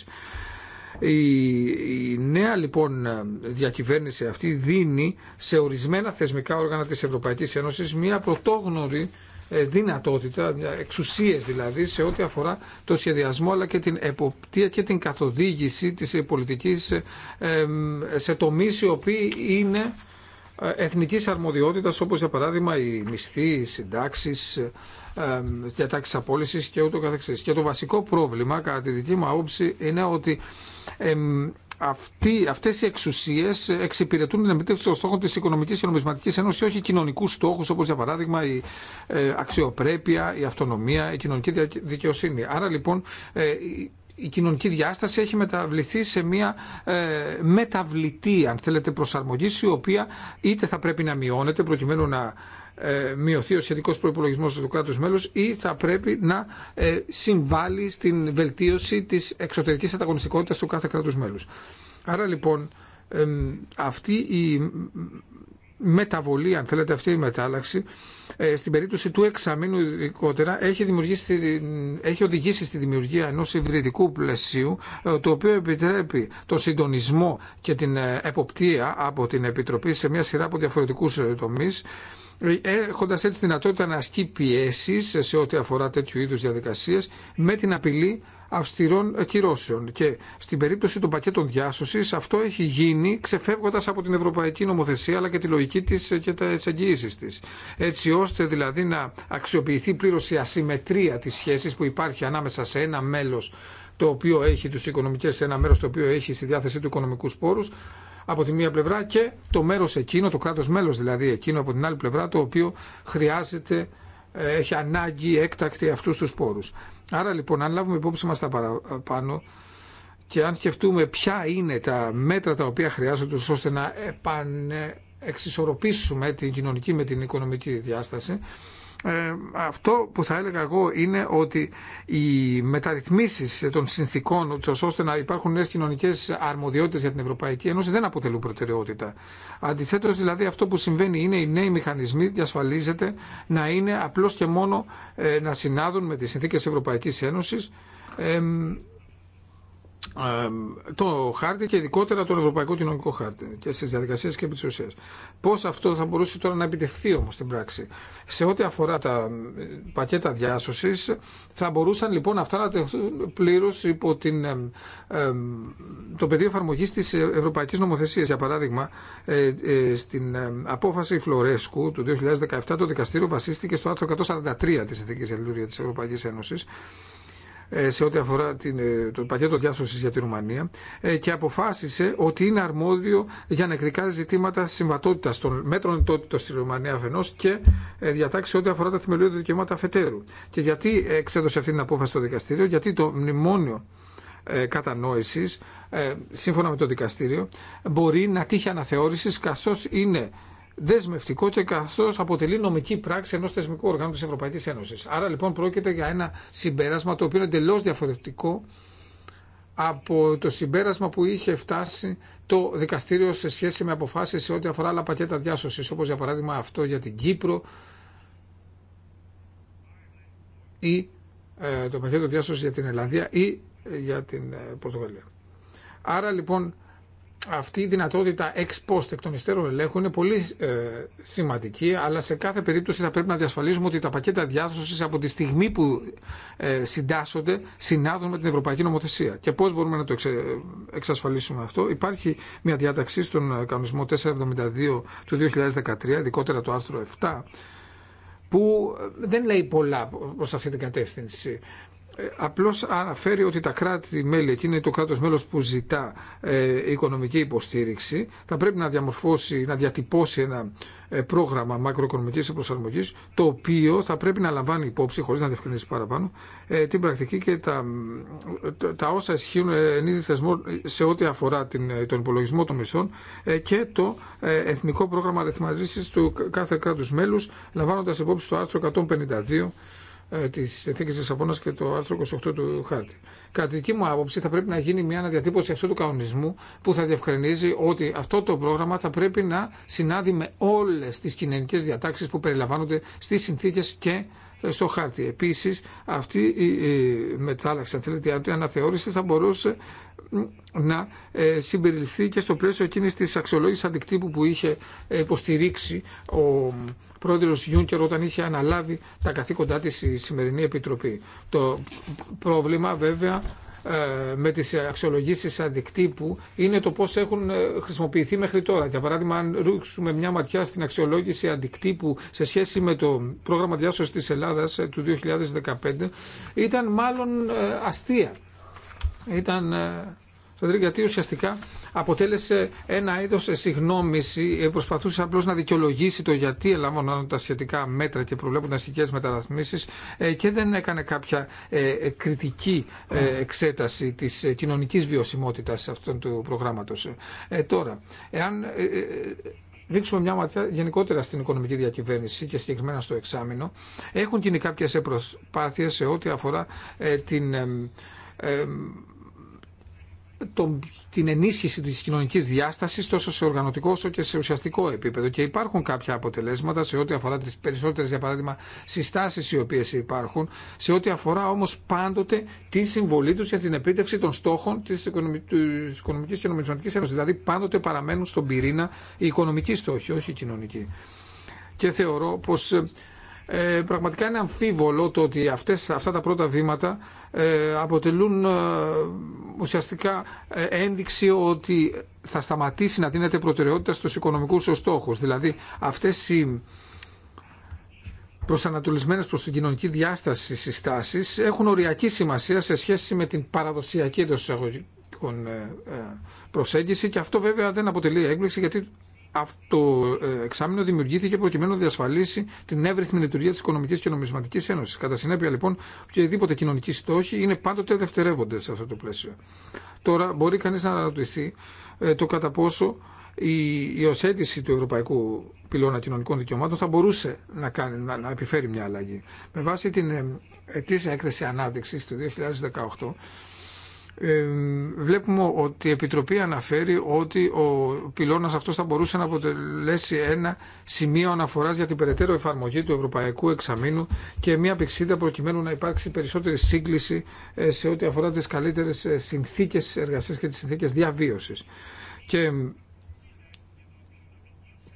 Η, νέα λοιπόν διακυβέρνηση αυτή δίνει σε ορισμένα θεσμικά όργανα της Ευρωπαϊκής Ένωσης μια πρωτόγνωρη ε, δυνατότητα, εξουσίες δηλαδή σε ό,τι αφορά το σχεδιασμό αλλά και την εποπτεία και την καθοδήγηση της πολιτικής σε τομείς οι οποίοι είναι ε, Εθνική αρμοδιότητας όπως για παράδειγμα οι μισθοί, οι συντάξεις, διατάξει ε, ε, απόλυσης και ούτω καθεξής. Και το βασικό πρόβλημα κατά τη δική μου άποψη είναι ότι αυτοί, αυτές οι εξουσίες εξυπηρετούν την επιτεύξη των στόχων της Οικονομικής και Νομισματικής Ένωσης όχι κοινωνικούς στόχους όπως για παράδειγμα η αξιοπρέπεια, η αυτονομία, η κοινωνική δικαιοσύνη. Άρα λοιπόν η κοινωνική διάσταση έχει μεταβληθεί σε μια ε, μεταβλητή, αν θέλετε, προσαρμογή, η οποία είτε θα πρέπει να μειώνεται προκειμένου να ε, μειωθεί ο σχετικό προπολογισμό του κράτους μέλου ή θα πρέπει να ε, συμβάλλει στην βελτίωση τη εξωτερική ανταγωνιστικότητα του κάθε κράτους μέλου. Άρα λοιπόν αυτή η μεταβολή, αν θέλετε αυτή η μετάλλαξη, ε, στην περίπτωση του εξαμήνου ειδικότερα, έχει, δημιουργήσει, έχει οδηγήσει στη δημιουργία ενός υβριδικού πλαισίου, ε, το οποίο επιτρέπει το συντονισμό και την ε, εποπτεία από την Επιτροπή σε μια σειρά από διαφορετικούς τομείς, έχοντα έτσι δυνατότητα να ασκεί πιέσει σε ό,τι αφορά τέτοιου είδου διαδικασίε, με την απειλή αυστηρών κυρώσεων. Και στην περίπτωση των πακέτων διάσωση, αυτό έχει γίνει ξεφεύγοντα από την ευρωπαϊκή νομοθεσία αλλά και τη λογική τη και τι εγγυήσει τη. Έτσι ώστε δηλαδή να αξιοποιηθεί πλήρω η ασυμμετρία τη σχέση που υπάρχει ανάμεσα σε ένα μέλο το οποίο έχει του οικονομικέ, σε ένα μέρο το οποίο έχει στη διάθεσή του οικονομικού πόρου, από τη μία πλευρά και το μέρο εκείνο, το κράτο μέλο δηλαδή εκείνο από την άλλη πλευρά, το οποίο χρειάζεται, ε, έχει ανάγκη έκτακτη αυτούς τους πόρους. Άρα λοιπόν, αν λάβουμε υπόψη μα τα παραπάνω ε, και αν σκεφτούμε ποια είναι τα μέτρα τα οποία χρειάζονται ώστε να επανεξισορροπήσουμε την κοινωνική με την οικονομική διάσταση, ε, αυτό που θα έλεγα εγώ είναι ότι οι μεταρρυθμίσει των συνθήκων, ώστε να υπάρχουν νέε κοινωνικέ αρμοδιότητε για την Ευρωπαϊκή Ένωση, δεν αποτελούν προτεραιότητα. Αντιθέτω, δηλαδή, αυτό που συμβαίνει είναι οι νέοι μηχανισμοί διασφαλίζεται να είναι απλώ και μόνο ε, να συνάδουν με τι συνθήκε Ευρωπαϊκή Ένωση το χάρτη και ειδικότερα τον Ευρωπαϊκό Κοινωνικό Χάρτη και στι διαδικασίε και επί τη ουσία. Πώ αυτό θα μπορούσε τώρα να επιτευχθεί όμω στην πράξη. Σε ό,τι αφορά τα πακέτα διάσωση, θα μπορούσαν λοιπόν αυτά να τεχθούν πλήρω υπό την, το πεδίο εφαρμογή τη Ευρωπαϊκή Νομοθεσία. Για παράδειγμα, ε, ε, στην απόφαση Φλωρέσκου του 2017 το δικαστήριο βασίστηκε στο άρθρο 143 τη Εθνική Ελληνική τη Ευρωπαϊκή Ένωση ε, σε ό,τι αφορά την, ε, το πακέτο διάσωση για την Ρουμανία ε, και αποφάσισε ότι είναι αρμόδιο για να εκδικάζει ζητήματα συμβατότητα των μέτρων λιτότητα στη Ρουμανία αφενό και διατάξει ό,τι αφορά τα θεμελιώδη δικαιώματα αφετέρου. Και γιατί εξέδωσε αυτή την απόφαση στο δικαστήριο, γιατί το μνημόνιο κατανόησης σύμφωνα με το δικαστήριο μπορεί να τύχει αναθεώρησης καθώς είναι δεσμευτικό και καθώ αποτελεί νομική πράξη ενό θεσμικού οργάνου τη Ευρωπαϊκή Ένωση. Άρα λοιπόν πρόκειται για ένα συμπέρασμα το οποίο είναι εντελώ διαφορετικό από το συμπέρασμα που είχε φτάσει το δικαστήριο σε σχέση με αποφάσεις σε ό,τι αφορά άλλα πακέτα διάσωσης, όπως για παράδειγμα αυτό για την Κύπρο ή ε, το πακέτο διάσωση για την Ελλάδα ή ε, για την ε, Πορτογαλία. Άρα λοιπόν αυτή η δυνατότητα ex post εκ των υστέρων ελέγχου είναι πολύ ε, σημαντική, αλλά σε κάθε περίπτωση θα πρέπει να διασφαλίζουμε ότι τα πακέτα διάσωση από τη στιγμή που ε, συντάσσονται συνάδουν με την Ευρωπαϊκή Νομοθεσία. Και πώ μπορούμε να το εξασφαλίσουμε αυτό. Υπάρχει μια διάταξη στον ε, κανονισμό 472 του 2013, ειδικότερα το άρθρο 7 που ε, δεν λέει πολλά προς αυτή την κατεύθυνση. Ε, απλώς αναφέρει ότι τα κράτη-μέλη, εκείνο το κράτος μέλος που ζητά ε, οικονομική υποστήριξη, θα πρέπει να διαμορφώσει, να διατυπώσει ένα ε, πρόγραμμα μακροοικονομικής προσαρμογής, το οποίο θα πρέπει να λαμβάνει υπόψη, χωρίς να διευκρινίσει παραπάνω, ε, την πρακτική και τα, τα όσα ισχύουν εν είδη θεσμό σε ό,τι αφορά την, τον υπολογισμό των μισθών και το εθνικό πρόγραμμα αριθμαρίσης του κάθε κράτους μέλους, λαμβάνοντας υπόψη το άρθρο 152 ε, τη Συνθήκη Λισαβόνα και το άρθρο 28 του Χάρτη. Κατά τη δική μου άποψη, θα πρέπει να γίνει μια αναδιατύπωση αυτού του κανονισμού που θα διευκρινίζει ότι αυτό το πρόγραμμα θα πρέπει να συνάδει με όλε τι κοινωνικέ διατάξει που περιλαμβάνονται στι συνθήκε και στο χάρτη. Επίσης αυτή η μετάλλαξη, αν θέλετε, η αναθεώρηση θα μπορούσε να ε, συμπεριληφθεί και στο πλαίσιο εκείνη της αξιολογήση αντικτύπου που είχε ε, υποστηρίξει ο πρόεδρος Γιούνκερ όταν είχε αναλάβει τα καθήκοντά της η σημερινή επιτροπή. Το πρόβλημα βέβαια ε, με τις αξιολογήσεις αντικτύπου είναι το πώς έχουν ε, χρησιμοποιηθεί μέχρι τώρα. Για παράδειγμα, αν ρίξουμε μια ματιά στην αξιολόγηση αντικτύπου σε σχέση με το πρόγραμμα διάσωσης της Ελλάδας ε, του 2015, ήταν μάλλον αστεία. Ήταν, γιατί ουσιαστικά αποτέλεσε ένα είδο συγνώμηση, ε, προσπαθούσε απλώ να δικαιολογήσει το γιατί ελαμβάνονταν τα σχετικά μέτρα και προβλέπουν αστικέ μεταρρυθμίσει ε, και δεν έκανε κάποια ε, κριτική εξέταση τη κοινωνική βιωσιμότητα αυτού του προγράμματο. Τώρα, εάν ρίξουμε μια ματιά γενικότερα στην οικονομική διακυβέρνηση και συγκεκριμένα στο εξάμεινο, έχουν γίνει κάποιε προσπάθειε σε ό,τι αφορά την το, την ενίσχυση τη κοινωνική διάστασης τόσο σε οργανωτικό όσο και σε ουσιαστικό επίπεδο και υπάρχουν κάποια αποτελέσματα σε ό,τι αφορά τις περισσότερες για παράδειγμα συστάσεις οι οποίες υπάρχουν σε ό,τι αφορά όμως πάντοτε τη συμβολή τους για την επίτευξη των στόχων της Οικονομικής και Νομισματικής δηλαδή πάντοτε παραμένουν στον πυρήνα οι οικονομικοί στόχοι όχι οι κοινωνικοί και θεωρώ πως ε, ε, πραγματικά είναι αμφίβολο το ότι αυτές, αυτά τα πρώτα βήματα ε, αποτελούν ε, ουσιαστικά ένδειξη ότι θα σταματήσει να δίνεται προτεραιότητα στους οικονομικούς στόχους. Δηλαδή αυτές οι προσανατολισμένες προς την κοινωνική διάσταση συστάσεις έχουν οριακή σημασία σε σχέση με την παραδοσιακή εντός προσέγγιση και αυτό βέβαια δεν αποτελεί έγκληξη γιατί αυτό ε, εξάμεινο δημιουργήθηκε προκειμένου να διασφαλίσει την εύρυθμη λειτουργία τη Οικονομική και Νομισματική Ένωση. Κατά συνέπεια, λοιπόν, οποιαδήποτε κοινωνική στόχη είναι πάντοτε δευτερεύοντα σε αυτό το πλαίσιο. Τώρα, μπορεί κανεί να αναρωτηθεί ε, το κατά πόσο η υιοθέτηση του Ευρωπαϊκού Πυλώνα Κοινωνικών Δικαιωμάτων θα μπορούσε να, κάνει, να, να επιφέρει μια αλλαγή. Με βάση την ε, ετήσια έκθεση ανάδειξη του 2018, ε, βλέπουμε ότι η Επιτροπή αναφέρει ότι ο πυλώνας αυτός θα μπορούσε να αποτελέσει ένα σημείο αναφοράς για την περαιτέρω εφαρμογή του Ευρωπαϊκού Εξαμήνου και μια πηξίδα προκειμένου να υπάρξει περισσότερη σύγκληση ε, σε ό,τι αφορά τις καλύτερες ε, συνθήκες εργασίας και τις συνθήκες διαβίωσης. Και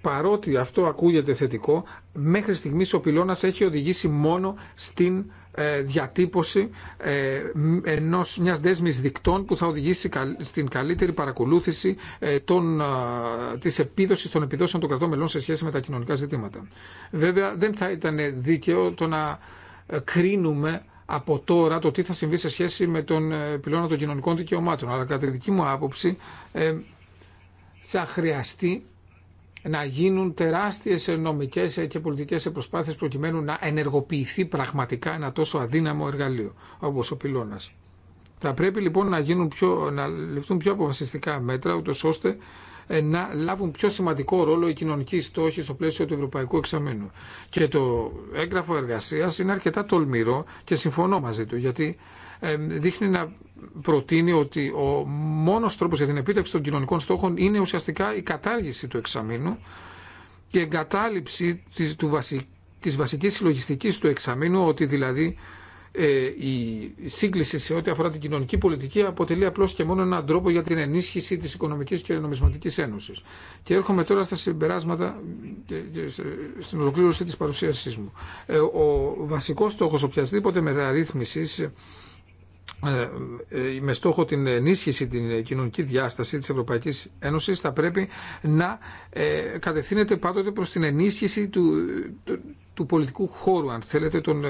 παρότι αυτό ακούγεται θετικό, μέχρι στιγμής ο πυλώνας έχει οδηγήσει μόνο στην ε, διατύπωση ε, ενός, μιας δέσμης δικτών που θα οδηγήσει στην καλύτερη παρακολούθηση ε, των, της επίδοσης των επιδόσεων των κρατών μελών σε σχέση με τα κοινωνικά ζητήματα. Βέβαια δεν θα ήταν δίκαιο το να κρίνουμε από τώρα το τι θα συμβεί σε σχέση με τον πυλώνα των κοινωνικών δικαιωμάτων. Αλλά κατά τη δική μου άποψη θα χρειαστεί να γίνουν τεράστιες νομικές και πολιτικές προσπάθειες προκειμένου να ενεργοποιηθεί πραγματικά ένα τόσο αδύναμο εργαλείο όπως ο πυλώνας. Θα πρέπει λοιπόν να, γίνουν πιο, να ληφθούν πιο αποφασιστικά μέτρα ούτως ώστε ε, να λάβουν πιο σημαντικό ρόλο οι κοινωνικοί στόχοι στο πλαίσιο του Ευρωπαϊκού Εξαμενού. Και το έγγραφο εργασίας είναι αρκετά τολμηρό και συμφωνώ μαζί του γιατί ε, δείχνει να προτείνει ότι ο μόνος τρόπος για την επίτευξη των κοινωνικών στόχων είναι ουσιαστικά η κατάργηση του εξαμήνου και εγκατάλειψη της, του βασι, της βασικής συλλογιστικής του εξαμήνου, ότι δηλαδή ε, η σύγκληση σε ό,τι αφορά την κοινωνική πολιτική αποτελεί απλώς και μόνο έναν τρόπο για την ενίσχυση της Οικονομικής και Νομισματικής Ένωσης. Και έρχομαι τώρα στα συμπεράσματα και, στην ολοκλήρωση της παρουσίασής μου. Ε, ο βασικός στόχος οποιασδήποτε μεταρρύθμισης ε, ε, με στόχο την ενίσχυση την κοινωνική διάσταση της Ευρωπαϊκής Ένωσης θα πρέπει να ε, κατευθύνεται πάντοτε προς την ενίσχυση του, του, του πολιτικού χώρου αν θέλετε των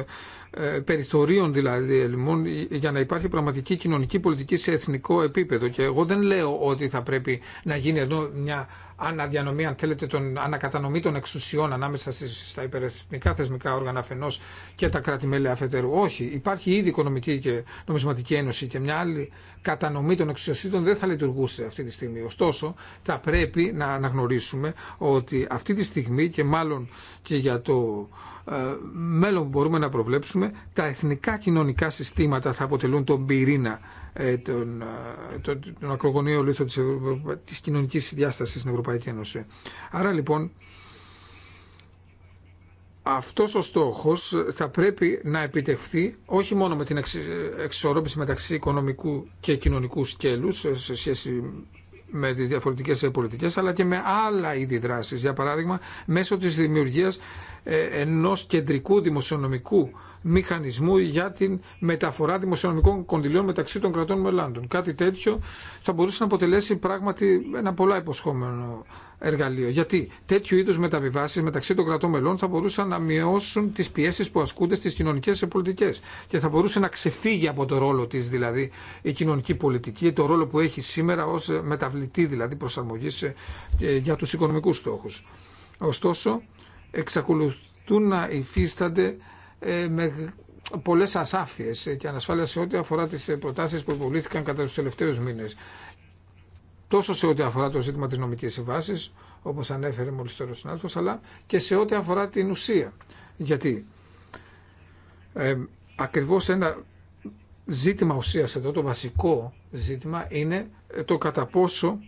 ε, περιθωρίων δηλαδή ελμών για να υπάρχει πραγματική κοινωνική πολιτική σε εθνικό επίπεδο. Και εγώ δεν λέω ότι θα πρέπει να γίνει εδώ μια αναδιανομή, αν θέλετε, τον, ανακατανομή των εξουσιών ανάμεσα στα υπερεθνικά θεσμικά όργανα αφενό και τα κράτη-μέλη αφετέρου. Όχι. Υπάρχει ήδη οικονομική και νομισματική ένωση και μια άλλη κατανομή των εξουσιών δεν θα λειτουργούσε αυτή τη στιγμή. Ωστόσο, θα πρέπει να αναγνωρίσουμε ότι αυτή τη στιγμή και μάλλον και για το ε, μέλλον που μπορούμε να προβλέψουμε, τα εθνικά κοινωνικά συστήματα θα αποτελούν τον πυρήνα ε, τον, ε, τον, τον ακρογωνίο λίθο της, της κοινωνικής διάστασης στην Ευρωπαϊκή Ένωση. Άρα λοιπόν αυτός ο στόχος θα πρέπει να επιτευχθεί όχι μόνο με την εξορρόπηση μεταξύ οικονομικού και κοινωνικού σκέλους σε σχέση με τις διαφορετικές πολιτικές αλλά και με άλλα είδη δράσης. Για παράδειγμα, μέσω της δημιουργίας ε, ενός κεντρικού δημοσιονομικού μηχανισμού για την μεταφορά δημοσιονομικών κονδυλίων μεταξύ των κρατών μελάντων. Κάτι τέτοιο θα μπορούσε να αποτελέσει πράγματι ένα πολλά υποσχόμενο εργαλείο. Γιατί τέτοιου είδου μεταβιβάσει μεταξύ των κρατών μελών θα μπορούσαν να μειώσουν τι πιέσει που ασκούνται στι κοινωνικέ πολιτικέ και θα μπορούσε να ξεφύγει από το ρόλο τη δηλαδή η κοινωνική πολιτική, το ρόλο που έχει σήμερα ω μεταβλητή δηλαδή προσαρμογή ε, ε, για του οικονομικού στόχου. Ωστόσο, εξακολουθούν να υφίστανται ε, με πολλές ασάφειες και ανασφάλεια σε ό,τι αφορά τις ε, προτάσεις που υποβλήθηκαν κατά τους τελευταίους μήνες. Τόσο σε ό,τι αφορά το ζήτημα της νομικής συμβάσης, όπως ανέφερε μόλις τώρα ο συνάδελφος, αλλά και σε ό,τι αφορά την ουσία. Γιατί ε, ακριβώς ένα ζήτημα ουσίας εδώ, το βασικό ζήτημα, είναι το κατά πόσο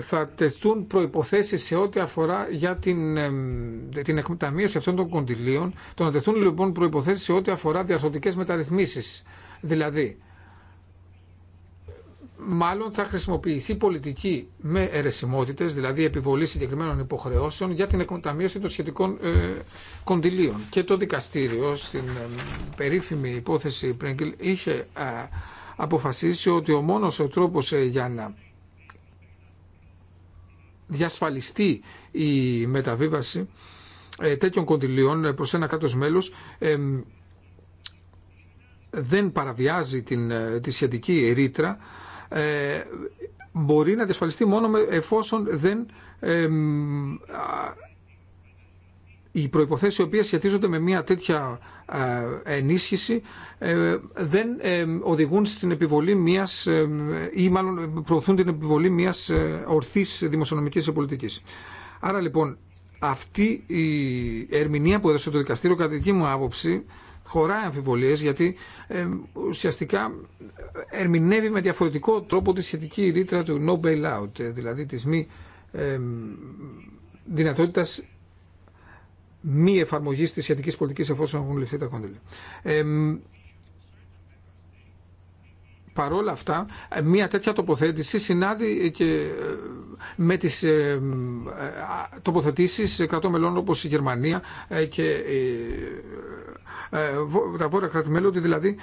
θα τεθούν προϋποθέσεις σε ό,τι αφορά για την, την αυτών των κοντιλίων, το να τεθούν λοιπόν προϋποθέσεις σε ό,τι αφορά διαρθρωτικές μεταρρυθμίσεις. Δηλαδή, μάλλον θα χρησιμοποιηθεί πολιτική με αιρεσιμότητες, δηλαδή επιβολή συγκεκριμένων υποχρεώσεων για την εκταμείωση των σχετικών ε, κοντιλίων. Και το δικαστήριο στην ε, περίφημη υπόθεση Πρέγκλ είχε ε, αποφασίσει ότι ο μόνος ο τρόπος ε, για να διασφαλιστεί η μεταβίβαση ε, τέτοιων κοντιλίων ε, προς ένα κάτω μέλος ε, δεν παραβιάζει την, τη σχετική ρήτρα μπορεί να διασφαλιστεί μόνο εφόσον δεν οι προϋποθέσεις οι οποίες σχετίζονται με μια τέτοια ε, ενίσχυση ε, δεν ε, οδηγούν στην επιβολή μιας ή μάλλον προωθούν την επιβολή μιας ορθής δημοσιονομικής πολιτικής. Άρα λοιπόν αυτή η ερμηνεία που έδωσε το δικαστήριο κατά δική μου άποψη χωράει αμφιβολίες γιατί ουσιαστικά ερμηνεύει με διαφορετικό τρόπο τη σχετική ρήτρα του no bailout, δηλαδή της μη ε, δυνατότητας μη εφαρμογή τη σχετική πολιτική εφόσον έχουν ληφθεί τα κονδύλια. Ε, παρόλα αυτά, μια τέτοια τοποθέτηση συνάδει και ε, με τις ε, ε, τοποθετήσει κρατών μελών όπως η Γερμανία και τα βόρεια κράτη-μέλη, ότι δηλαδή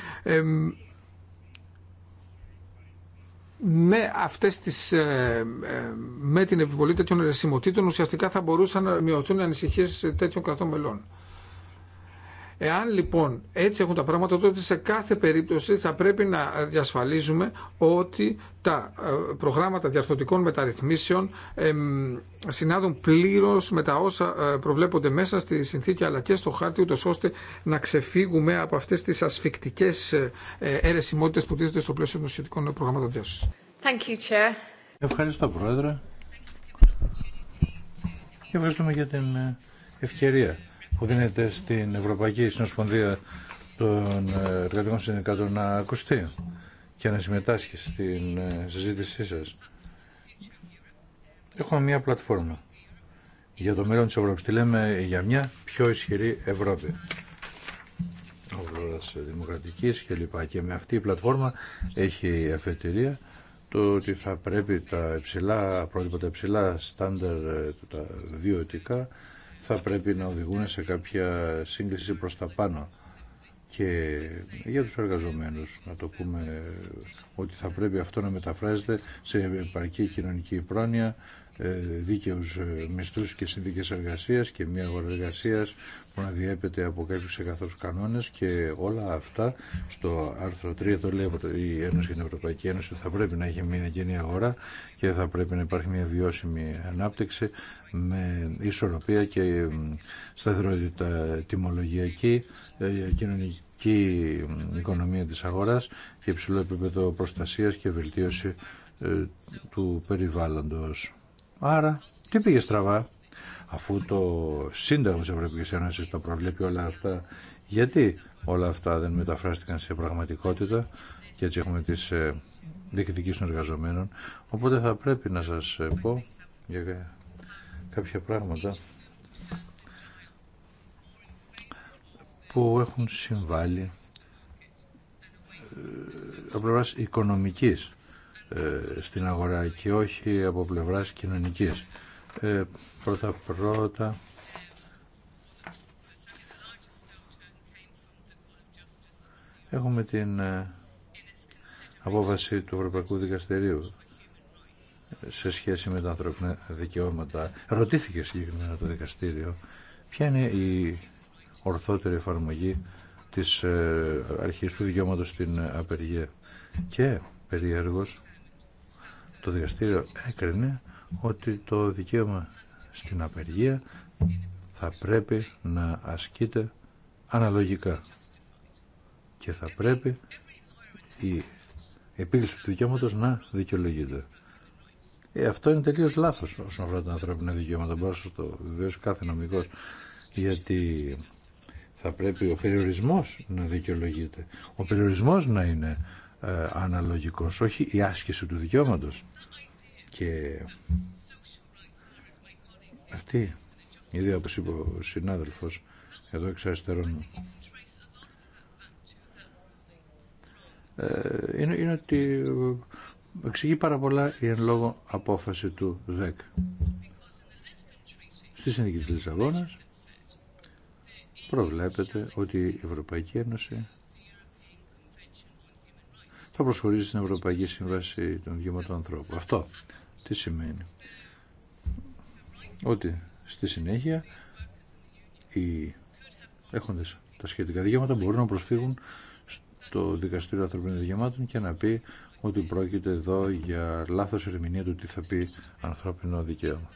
με, αυτές τις, ε, ε, με την επιβολή τέτοιων ρεσιμοτήτων ουσιαστικά θα μπορούσαν να μειωθούν οι ανησυχίες τέτοιων κρατών μελών. Εάν λοιπόν έτσι έχουν τα πράγματα, τότε σε κάθε περίπτωση θα πρέπει να διασφαλίζουμε ότι τα ε, προγράμματα διαρθωτικών μεταρρυθμίσεων συνάδουν πλήρω με τα όσα ε, προβλέπονται μέσα στη συνθήκη αλλά και στο χάρτη, ούτω ώστε να ξεφύγουμε από αυτέ τι ασφικτικέ ε, αιρεσιμότητε που τίθεται στο πλαίσιο των σχετικών προγραμμάτων διάσωση. Ευχαριστώ, Πρόεδρε. ευχαριστούμε για την ευκαιρία που δίνεται στην Ευρωπαϊκή Συνοσπονδία των ε, Εργατικών Συνδικάτων να ακουστεί και να συμμετάσχει στην ε, συζήτησή σας. Έχουμε μια πλατφόρμα για το μέλλον της Ευρώπης. Τη λέμε για μια πιο ισχυρή Ευρώπη. Ευρώπης Δημοκρατικής και λοιπά. Και με αυτή η πλατφόρμα έχει αφετηρία το ότι θα πρέπει τα υψηλά, πρότυπα τα υψηλά στάνταρ, ε, τα βιωτικά, θα πρέπει να οδηγούν σε κάποια σύγκληση προς τα πάνω και για τους εργαζομένους να το πούμε ότι θα πρέπει αυτό να μεταφράζεται σε επαρκή κοινωνική πρόνοια, ε, δίκαιους ε, μισθού και συνδικές εργασία και μια αγορά εργασία που να διέπεται από κάποιου εκαθαρούς κανόνε και όλα αυτά στο άρθρο 3 το λέει η Ένωση και την Ευρωπαϊκή Ένωση θα πρέπει να έχει μια κοινή αγορά και θα πρέπει να υπάρχει μια βιώσιμη ανάπτυξη με ισορροπία και ε, σταθερότητα τιμολογιακή, κοινωνική οικονομία της αγοράς και υψηλό επίπεδο προστασίας και βελτίωση του περιβάλλοντος. Άρα, τι πήγε στραβά, αφού το Σύνταγμα τη Ευρωπαϊκή Ένωση το προβλέπει όλα αυτά, γιατί όλα αυτά δεν μεταφράστηκαν σε πραγματικότητα και έτσι έχουμε τις ε, διεκδικήσεις των εργαζομένων. Οπότε θα πρέπει να σας ε, πω για κάποια πράγματα που έχουν συμβάλει ε, από πλευράς οικονομικής ε, στην αγορά και όχι από πλευράς κοινωνικής. Ε, πρώτα πρώτα έχουμε την ε, απόφαση του Ευρωπαϊκού Δικαστηρίου σε σχέση με τα ανθρώπινα δικαιώματα. Ρωτήθηκε συγκεκριμένα το δικαστήριο ποια είναι η ορθότερη εφαρμογή της αρχής του δικαιώματος στην απεργία. Και, περίεργος, το δικαστήριο έκρινε ότι το δικαίωμα στην απεργία θα πρέπει να ασκείται αναλογικά και θα πρέπει η επίλυση του δικαιώματος να δικαιολογείται. Ε, αυτό είναι τελείως λάθος όσον αφορά τα ανθρώπινα δικαιώματα. Μπορώ να το κάθε νομικός. Γιατί θα πρέπει ο περιορισμός να δικαιολογείται. Ο περιορισμός να είναι ε, αναλογικός, όχι η άσκηση του δικαιώματος. Και αυτή η ιδέα, όπως είπε ο συνάδελφος, εδώ εξ αριστερών, ε, είναι, ότι εξηγεί πάρα πολλά η εν λόγω απόφαση του ΔΕΚ. Στη Συνδική της Λισαβόνας προβλέπεται ότι η Ευρωπαϊκή Ένωση θα προσχωρήσει στην Ευρωπαϊκή Σύμβαση των Δικαιωμάτων ανθρώπων. Αυτό τι σημαίνει. Ότι στη συνέχεια οι έχοντες τα σχετικά δικαιώματα μπορούν να προσφύγουν στο Δικαστήριο Ανθρωπίνων Δικαιωμάτων και να πει ότι πρόκειται εδώ για λάθος ερμηνεία του τι θα πει ανθρώπινο δικαίωμα.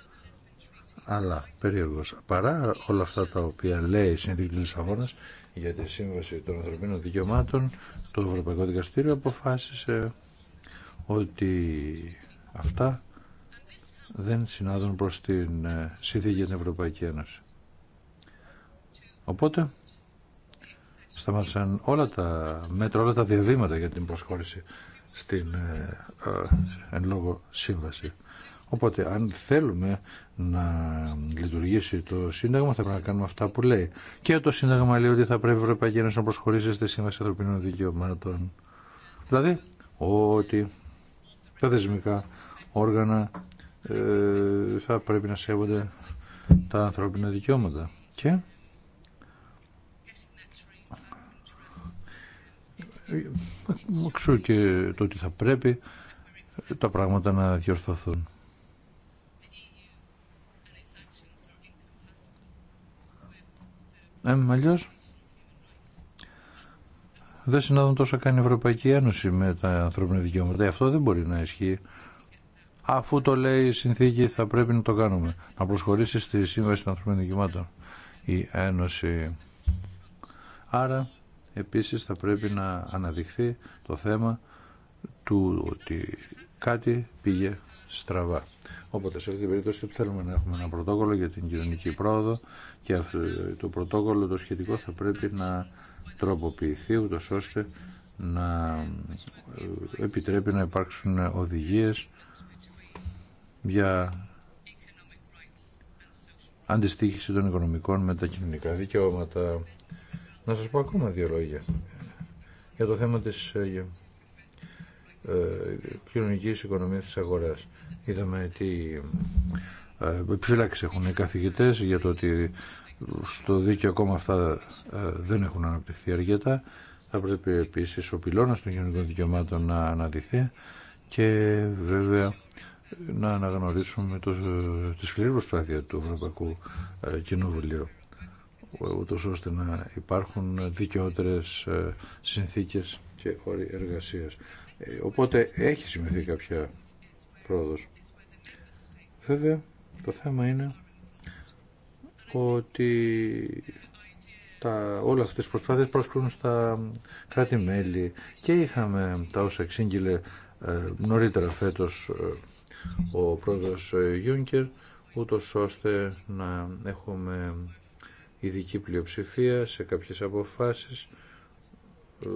Αλλά περίεργος, παρά όλα αυτά τα οποία λέει η Συνδίκη της Λισαβόνας για τη Σύμβαση των Ανθρωπίνων Δικαιωμάτων, το Ευρωπαϊκό Δικαστήριο αποφάσισε ότι αυτά δεν συνάδουν προς την ε, συνθήκη την Ευρωπαϊκή Ένωση. Οπότε σταμάτησαν όλα τα μέτρα, όλα τα διαβήματα για την προσχώρηση στην ε, ε, εν λόγω σύμβαση. Οπότε αν θέλουμε να λειτουργήσει το Σύνταγμα θα πρέπει να κάνουμε αυτά που λέει. Και το Σύνταγμα λέει ότι θα πρέπει η Ευρωπαϊκή Ένωση να προσχωρήσει στη Σύμβαση Ανθρωπινών Δικαιωμάτων. Δηλαδή ότι τα δεσμικά όργανα ε, θα πρέπει να σέβονται τα ανθρώπινα δικαιώματα. Και Ξέρω και το ότι θα πρέπει τα πράγματα να διορθωθούν. Ε, αλλιώς, δεν συνάδουν τόσο καν η Ευρωπαϊκή Ένωση με τα ανθρώπινα δικαιώματα. Ε, αυτό δεν μπορεί να ισχύει αφού το λέει η συνθήκη θα πρέπει να το κάνουμε. Να προσχωρήσει στη Σύμβαση των Ανθρωπίνων Δικαιωμάτων η Ένωση. Άρα επίσης θα πρέπει να αναδειχθεί το θέμα του ότι κάτι πήγε στραβά. Οπότε σε αυτή την περίπτωση θέλουμε να έχουμε ένα πρωτόκολλο για την κοινωνική πρόοδο και το πρωτόκολλο το σχετικό θα πρέπει να τροποποιηθεί ούτως ώστε να ε, επιτρέπει να υπάρξουν οδηγίες για αντιστοίχηση των οικονομικών με τα κοινωνικά δικαιώματα. Να σας πω ακόμα δύο λόγια για το θέμα της ε, ε κοινωνικής οικονομίας της αγοράς. Είδαμε τι ε, επιφύλαξη έχουν οι καθηγητές για το ότι στο δίκαιο ακόμα αυτά ε, δεν έχουν αναπτυχθεί αρκετά. Θα πρέπει επίσης ο πυλώνας των κοινωνικών δικαιωμάτων να αναδειχθεί και βέβαια να αναγνωρίσουμε το, τη σκληρή προσπάθεια του Ευρωπαϊκού ε, Κοινοβουλίου ούτως ώστε να υπάρχουν δικαιότερες ε, συνθήκες και όροι εργασίας. Ε, οπότε έχει σημειωθεί κάποια πρόοδος. Βέβαια, το θέμα είναι ότι τα, όλα αυτές τις προσπάθειες προσκρούν στα κράτη-μέλη και είχαμε τα όσα εξήγηλε νωρίτερα φέτος ο πρόεδρος Γιούνκερ, ούτω ώστε να έχουμε ειδική πλειοψηφία σε κάποιες αποφάσεις ε,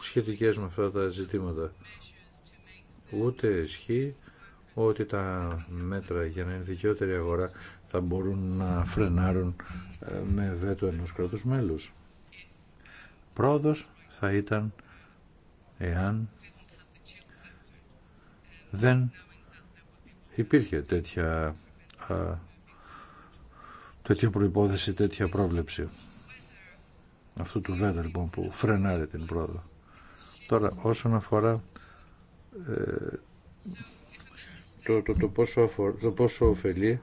σχετικές με αυτά τα ζητήματα. Ούτε ισχύει ότι τα μέτρα για να είναι δικαιότερη αγορά θα μπορούν να φρενάρουν ε, με βέτο ενός κράτους μέλους. Πρόοδος θα ήταν εάν δεν υπήρχε τέτοια, τέτοια προϋπόθεση, τέτοια πρόβλεψη αυτού του βέτα λοιπόν που φρενάρει την πρόοδο. Τώρα όσον αφορά ε, το, το, το, πόσο αφορ, το πόσο ωφελεί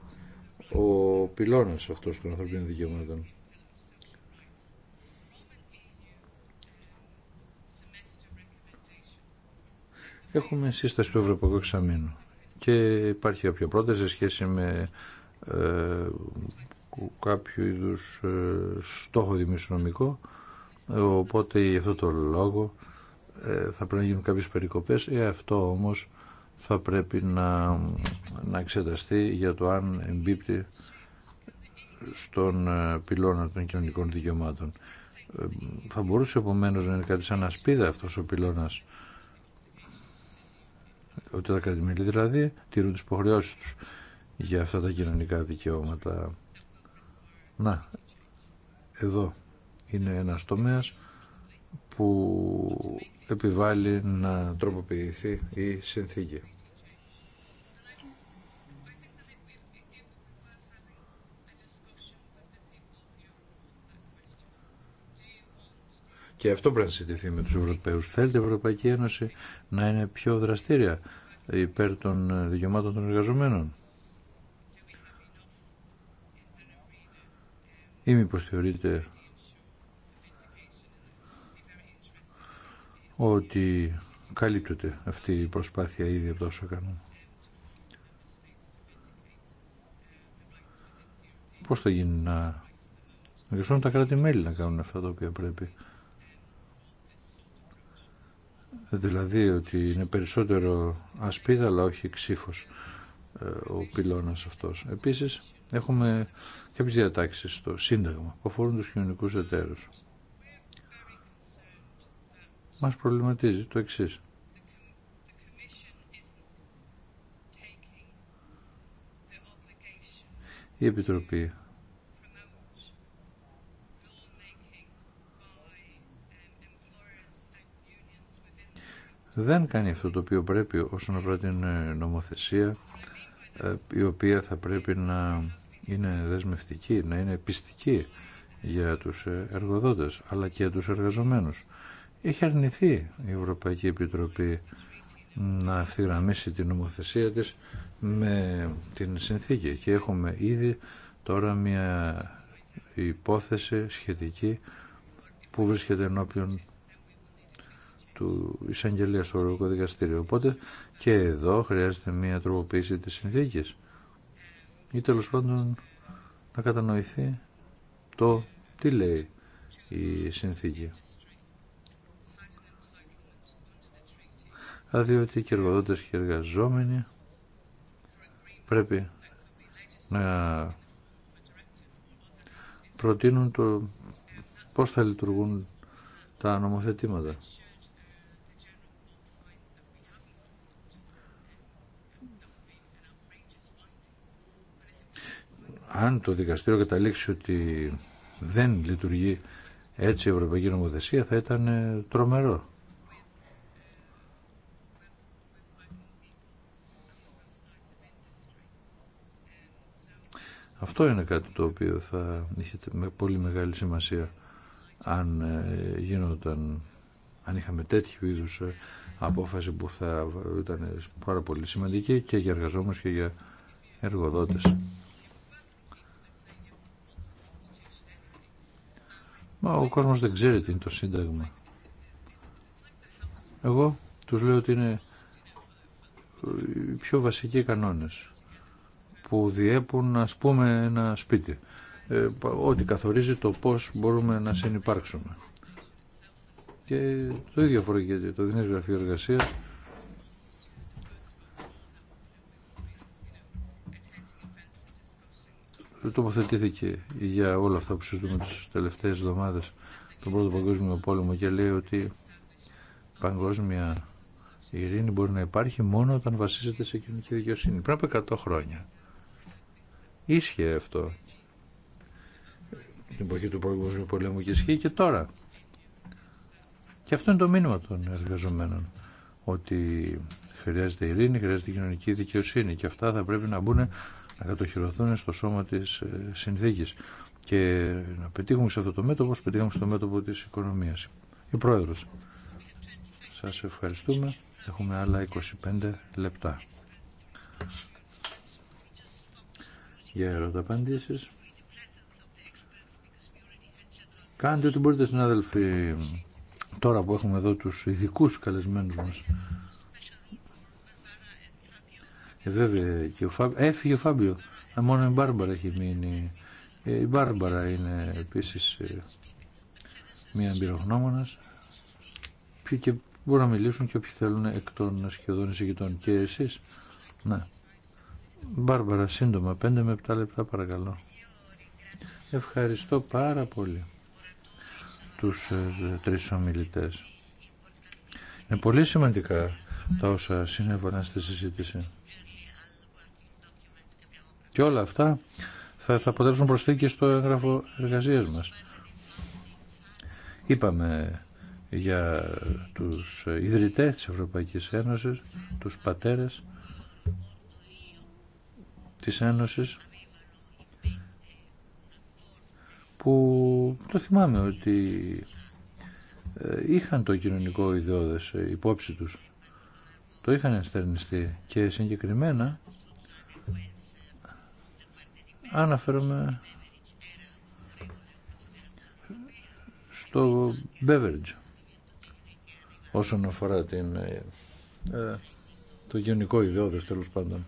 ο πυλώνας αυτός των ανθρωπίνων δικαιωμάτων. Έχουμε σύσταση του Ευρωπαϊκού Εξαμήνου και υπάρχει κάποια πρόταση σε σχέση με ε, κάποιο είδους ε, στόχο ε, οπότε για αυτό το λόγο ε, θα πρέπει να γίνουν κάποιες περικοπές ε, αυτό όμως θα πρέπει να, να εξεταστεί για το αν εμπίπτει στον πυλώνα των κοινωνικών δικαιωμάτων. Θα μπορούσε επομένω να είναι κάτι σαν ασπίδα αυτός ο πυλώνας ότι τα κράτη-μιλή δηλαδή τηρούν τις υποχρεώσει τους για αυτά τα κοινωνικά δικαιώματα. Να, εδώ είναι ένας τομέας που επιβάλλει να τροποποιηθεί η συνθήκη. Και αυτό πρέπει να συζητηθεί με τους Ευρωπαίους. Θέλετε η Ευρωπαϊκή Ένωση να είναι πιο δραστήρια υπέρ των δικαιωμάτων των εργαζομένων. Ή μήπως θεωρείτε ότι καλύπτεται αυτή η προσπάθεια ήδη από τόσο κάνουμε. Πώς θα γίνει να εργαστούν τα κράτη-μέλη να κάνουν αυτά τα οποία πρέπει δηλαδή ότι είναι περισσότερο ασπίδα αλλά όχι ξύφος ε, ο πυλώνας αυτός. Επίσης έχουμε κάποιες διατάξεις στο Σύνταγμα που αφορούν τους κοινωνικούς εταίρους. Μας προβληματίζει το εξής. Η Επιτροπή δεν κάνει αυτό το οποίο πρέπει όσον αφορά την ε, νομοθεσία ε, η οποία θα πρέπει να είναι δεσμευτική, να είναι πιστική για τους ε, εργοδότες αλλά και για τους εργαζομένους. Έχει αρνηθεί η Ευρωπαϊκή Επιτροπή να αυθυγραμμίσει την νομοθεσία της με την συνθήκη και έχουμε ήδη τώρα μια υπόθεση σχετική που βρίσκεται ενώπιον του εισαγγελία στο Ευρωπαϊκό Δικαστήριο. Οπότε και εδώ χρειάζεται μια τροποποίηση της συνθήκη, ή τέλο πάντων να κατανοηθεί το τι λέει η συνθήκη. Διότι και εργοδότες και εργαζόμενοι πρέπει να προτείνουν το πώς θα λειτουργούν τα νομοθετήματα. αν το δικαστήριο καταλήξει ότι δεν λειτουργεί έτσι η Ευρωπαϊκή Νομοθεσία θα ήταν ε, τρομερό. Αυτό είναι κάτι το οποίο θα είχε με πολύ μεγάλη σημασία αν ε, γίνονταν, αν είχαμε τέτοιου είδου ε, απόφαση που θα ήταν πάρα πολύ σημαντική και για εργαζόμενους και για εργοδότες. Μα ο κόσμος δεν ξέρει τι είναι το Σύνταγμα. Εγώ τους λέω ότι είναι οι πιο βασικοί κανόνες που διέπουν ας πούμε ένα σπίτι ε, ότι καθορίζει το πώς μπορούμε να συνεπάρξουμε. Και το ίδιο αφορά και το Δινές Γραφείο Εργασίας τοποθετήθηκε για όλα αυτά που συζητούμε τις τελευταίες εβδομάδες τον Πρώτο Παγκόσμιο Πόλεμο και λέει ότι παγκόσμια ειρήνη μπορεί να υπάρχει μόνο όταν βασίζεται σε κοινωνική δικαιοσύνη. Πριν από 100 χρόνια. Ίσχυε αυτό. Την εποχή του Παγκόσμιου Πολέμου και ισχύει και τώρα. Και αυτό είναι το μήνυμα των εργαζομένων. Ότι χρειάζεται ειρήνη, χρειάζεται κοινωνική δικαιοσύνη και αυτά θα πρέπει να μπουν να κατοχυρωθούν στο σώμα της ε, συνθήκης και να πετύχουμε σε αυτό το μέτωπο όπως πετύχαμε στο μέτωπο της οικονομίας. Η Πρόεδρος, σας ευχαριστούμε. Έχουμε άλλα 25 λεπτά. Για ερωταπαντήσεις. Κάντε ό,τι μπορείτε συνάδελφοι τώρα που έχουμε εδώ τους ειδικούς καλεσμένους μας. Ε, βέβαια, και ο Φα... έφυγε ο Φάμπιο. Ε, μόνο η Μπάρμπαρα έχει μείνει. Ε, η Μπάρμπαρα είναι επίσης ε, μία εμπειρογνώμονα και μπορούν να μιλήσουν και όποιοι θέλουν εκ των σχεδόν εισηγητών. Και εσεί. ναι. Μπάρμπαρα, σύντομα, 5 με 7 λεπτά παρακαλώ. Ευχαριστώ πάρα πολύ τους ε, τρεις ομιλητές. Είναι πολύ σημαντικά τα όσα συνέβαλαν στη συζήτηση. Και όλα αυτά θα, θα αποτελέσουν προσθήκη στο έγγραφο εργασία μας. Είπαμε για τους ιδρυτές της Ευρωπαϊκής Ένωσης, τους πατέρες της Ένωσης, που το θυμάμαι ότι ε, είχαν το κοινωνικό ιδεώδες ε, υπόψη τους. Το είχαν ενστερνιστεί και συγκεκριμένα αναφέρομαι στο beverage όσον αφορά την, ε, ε, το γενικό ιδεώδες τέλος πάντων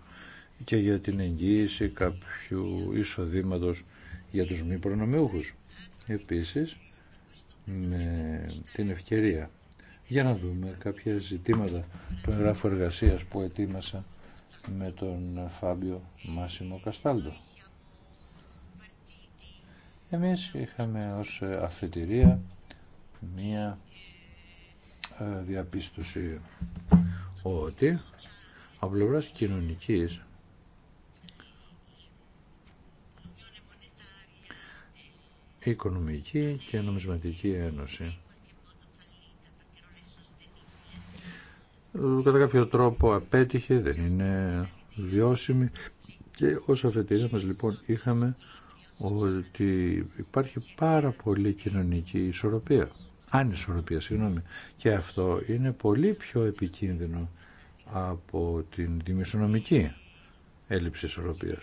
και για την εγγύηση κάποιου εισοδήματος για τους μη προνομιούχους. Επίσης, με την ευκαιρία για να δούμε κάποια ζητήματα του εγγράφου εργασίας που ετοίμασα με τον Φάμπιο Μάσιμο Καστάλτο. Εμείς είχαμε ως ε, αφετηρία μία ε, διαπίστωση ότι από πλευράς κοινωνικής Οικονομική και Νομισματική Ένωση κατά κάποιο τρόπο απέτυχε, δεν είναι βιώσιμη και ως αφετηρία μας λοιπόν είχαμε ότι υπάρχει πάρα πολύ κοινωνική ισορροπία, ανισορροπία, συγγνώμη, και αυτό είναι πολύ πιο επικίνδυνο από την δημοσιονομική έλλειψη ισορροπίας.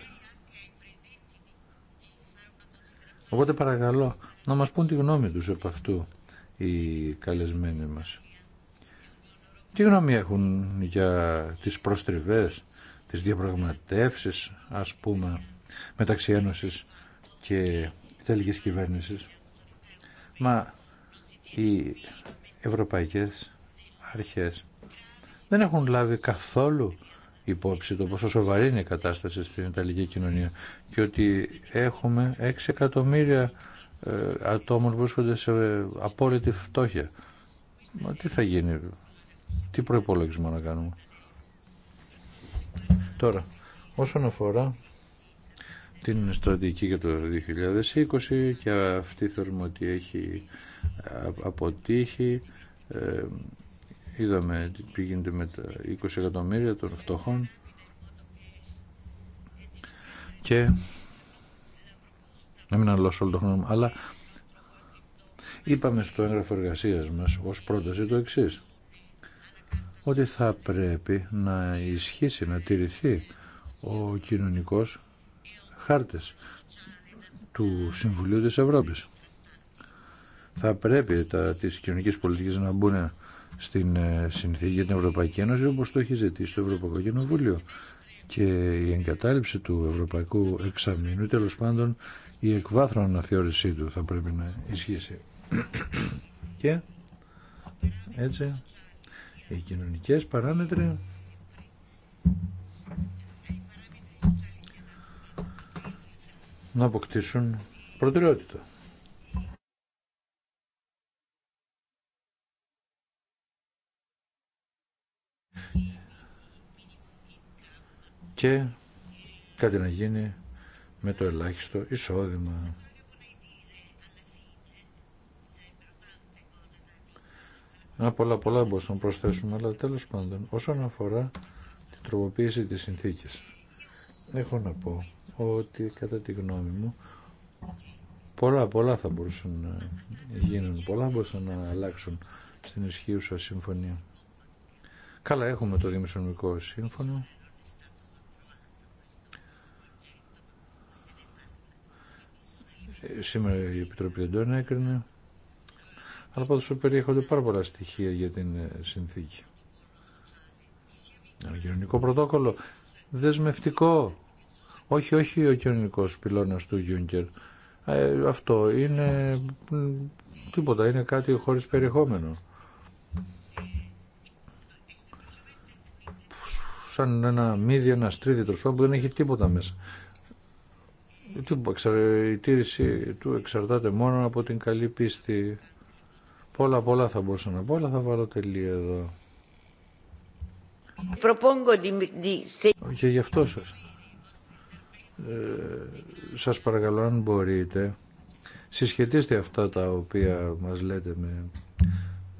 Οπότε παρακαλώ να μας πούν τη γνώμη τους επ' αυτού οι καλεσμένοι μας. Τι γνώμη έχουν για τις προστριβές, τις διαπραγματεύσεις, ας πούμε, μεταξύ Ένωσης και Ιταλικής κυβέρνησης. Μα οι ευρωπαϊκές αρχές δεν έχουν λάβει καθόλου υπόψη το πόσο σοβαρή είναι η κατάσταση στην Ιταλική κοινωνία και ότι έχουμε 6 εκατομμύρια ε, ατόμων που βρίσκονται σε απόλυτη φτώχεια. Μα τι θα γίνει, τι προϋπολογισμό να κάνουμε. Τώρα, όσον αφορά την στρατηγική για το 2020 και αυτή θεωρούμε ότι έχει αποτύχει. Ε, είδαμε τι γίνεται με τα 20 εκατομμύρια των φτωχών και να μην αλλώσω όλο το χρόνο αλλά είπαμε στο έγγραφο εργασία μας ως πρόταση το εξή. ότι θα πρέπει να ισχύσει, να τηρηθεί ο κοινωνικός χάρτες του Συμβουλίου της Ευρώπης. Θα πρέπει τα τις κοινωνικές πολιτικές να μπουν στην ε, συνθήκη για την Ευρωπαϊκή Ένωση όπως το έχει ζητήσει το Ευρωπαϊκό Κοινοβούλιο και η εγκατάλειψη του Ευρωπαϊκού Εξαμήνου τέλος πάντων η εκβάθρον αναθεώρησή του θα πρέπει να ισχύσει. και έτσι οι κοινωνικές παράμετροι να αποκτήσουν προτεραιότητα. Και κάτι να γίνει με το ελάχιστο εισόδημα. Να πολλά πολλά μπορούσαμε να προσθέσουμε, αλλά τέλος πάντων όσον αφορά την τροποποίηση της συνθήκης έχω να πω ότι κατά τη γνώμη μου πολλά πολλά θα μπορούσαν να γίνουν, πολλά μπορούσαν να αλλάξουν στην ισχύουσα συμφωνία. Καλά έχουμε το Δημοσιονομικό Σύμφωνο. Σήμερα η Επιτροπή δεν το έκρινε. Αλλά πάντως περιέχονται πάρα πολλά στοιχεία για την συνθήκη. Ένα κοινωνικό πρωτόκολλο δεσμευτικό. Όχι, όχι ο κοινωνικός πυλώνας του Γιούγκερ. Ε, αυτό είναι τίποτα, είναι κάτι χωρίς περιεχόμενο. Σαν ένα μύδι, ένα στρίδι τροφό που δεν έχει τίποτα μέσα. Ε, η τήρηση του εξαρτάται μόνο από την καλή πίστη. Πολλά πολλά θα μπορούσα να πω, αλλά θα βάλω τελεία εδώ. Και γι' αυτό σας. Ε, σας παρακαλώ αν μπορείτε συσχετίστε αυτά τα οποία μας λέτε με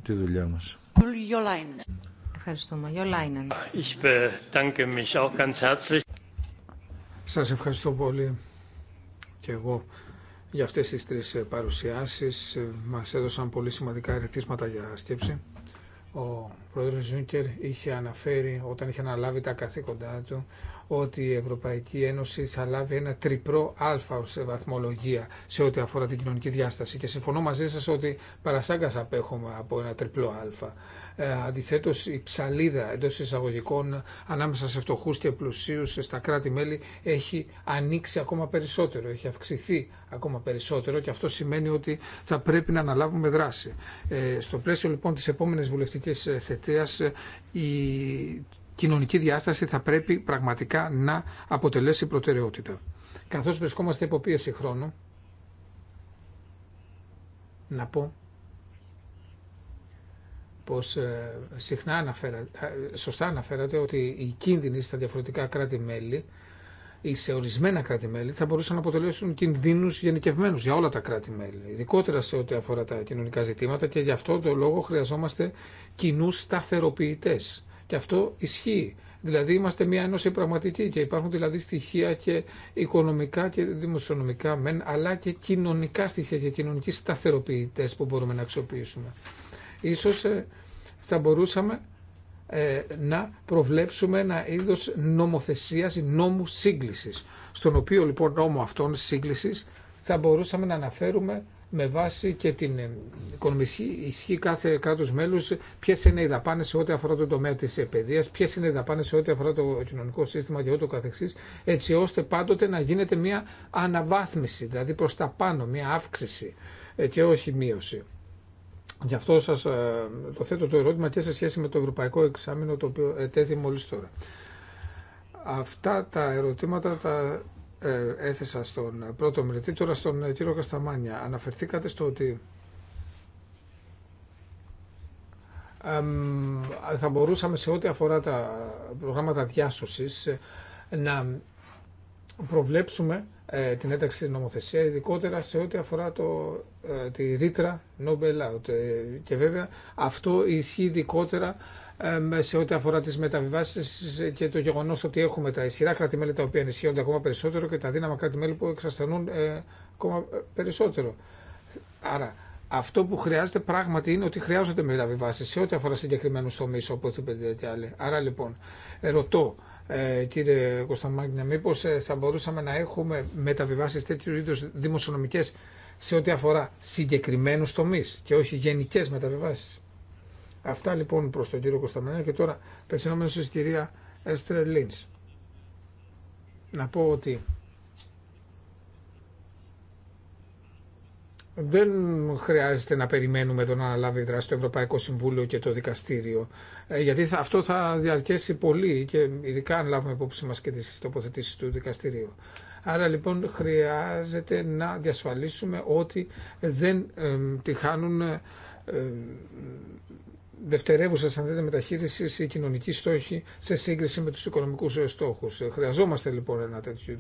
τη δουλειά μας. Ευχαριστούμε. Σας ευχαριστώ πολύ και εγώ για αυτές τις τρεις παρουσιάσεις. Μας έδωσαν πολύ σημαντικά ερεθίσματα για σκέψη. Ο πρόεδρος Ζούκερ είχε αναφέρει όταν είχε αναλάβει τα καθήκοντά του ότι η Ευρωπαϊκή Ένωση θα λάβει ένα τριπλό α ως βαθμολογία σε ό,τι αφορά την κοινωνική διάσταση. Και συμφωνώ μαζί σας ότι παρασάγκα απέχομαι από ένα τριπλό α. Ε, αντιθέτως η ψαλίδα εντός εισαγωγικών ανάμεσα σε φτωχού και πλουσίους στα κράτη-μέλη έχει ανοίξει ακόμα περισσότερο, έχει αυξηθεί ακόμα περισσότερο και αυτό σημαίνει ότι θα πρέπει να αναλάβουμε δράση. Ε, στο πλαίσιο λοιπόν τη επόμενης βουλευτική ε, ε, η κοινωνική διάσταση θα πρέπει πραγματικά να αποτελέσει προτεραιότητα. Καθώς βρισκόμαστε υπό πίεση χρόνου, να πω πως ε, συχνά ε, σωστά αναφέρατε ότι οι κίνδυνοι στα διαφορετικά κράτη-μέλη ή σε ορισμένα κράτη-μέλη θα μπορούσαν να αποτελέσουν κινδύνου γενικευμένου για όλα τα κράτη-μέλη, ειδικότερα σε ό,τι αφορά τα κοινωνικά ζητήματα και γι' αυτό το λόγο χρειαζόμαστε κοινού σταθεροποιητέ. Και αυτό ισχύει. Δηλαδή είμαστε μια ένωση πραγματική και υπάρχουν δηλαδή στοιχεία και οικονομικά και δημοσιονομικά μεν, αλλά και κοινωνικά στοιχεία και κοινωνικοί σταθεροποιητέ που μπορούμε να αξιοποιήσουμε. Ίσως ε, θα μπορούσαμε ε, να προβλέψουμε ένα είδος νομοθεσίας ή νόμου σύγκλησης, στον οποίο λοιπόν νόμο αυτών σύγκλησης θα μπορούσαμε να αναφέρουμε με βάση και την ε, οικονομική ισχύ κάθε κράτους μέλους ποιε είναι οι δαπάνες σε ό,τι αφορά το τομέα της παιδείας, ποιε είναι οι δαπάνες σε ό,τι αφορά το κοινωνικό σύστημα και ό,τι καθεξής, έτσι ώστε πάντοτε να γίνεται μια αναβάθμιση, δηλαδή προς τα πάνω, μια αύξηση ε, και όχι μείωση. Γι' αυτό σας ε, το θέτω το ερώτημα και σε σχέση με το ευρωπαϊκό εξάμεινο το οποίο ετέθη μόλις τώρα. Αυτά τα ερωτήματα τα ε, έθεσα στον πρώτο μελετή, τώρα στον ε, κύριο Κασταμάνια. Αναφερθήκατε στο ότι θα μπορούσαμε σε ό,τι αφορά τα προγράμματα διάσωσης να προβλέψουμε ε, την ένταξη νομοθεσία, ειδικότερα σε ό,τι αφορά το, ε, τη ρήτρα Out. Ε, Και βέβαια αυτό ισχύει ειδικότερα σε ό,τι αφορά τις μεταβιβάσεις και το γεγονός ότι έχουμε τα ισχυρά κράτη-μέλη τα οποία ενισχύονται ακόμα περισσότερο και τα δύναμα κράτη-μέλη που εξασθενούν ε, ακόμα περισσότερο. Άρα αυτό που χρειάζεται πράγματι είναι ότι χρειάζονται μεταβιβάσει σε ό,τι αφορά συγκεκριμένους τομείς, όπως είπε και άλλοι. Άρα λοιπόν, ρωτώ, ε, κύριε Κωνσταντινίδη, μήπω ε, θα μπορούσαμε να έχουμε μεταβιβάσει τέτοιου είδου δημοσιονομικέ σε ό,τι αφορά συγκεκριμένου τομεί και όχι γενικέ μεταβιβάσει. Αυτά λοιπόν προ τον κύριο Κωνσταντινίδη. και τώρα πεσυνόμενο τη κυρία Έστρε Λίντ. Να πω ότι δεν χρειάζεται να περιμένουμε εδώ να αναλάβει δράση το Ευρωπαϊκό Συμβούλιο και το Δικαστήριο. Ε, γιατί αυτό θα διαρκέσει πολύ και ειδικά αν λάβουμε υπόψη μας και τις τοποθετήσεις του Δικαστηρίου. Άρα λοιπόν χρειάζεται να διασφαλίσουμε ότι δεν ε, τυχάνουν ε, δευτερεύουσα αν θέλετε μεταχείριση ή κοινωνική στόχοι σε σύγκριση με του οικονομικού ε, στόχου. Ε, χρειαζόμαστε λοιπόν ένα τέτοιο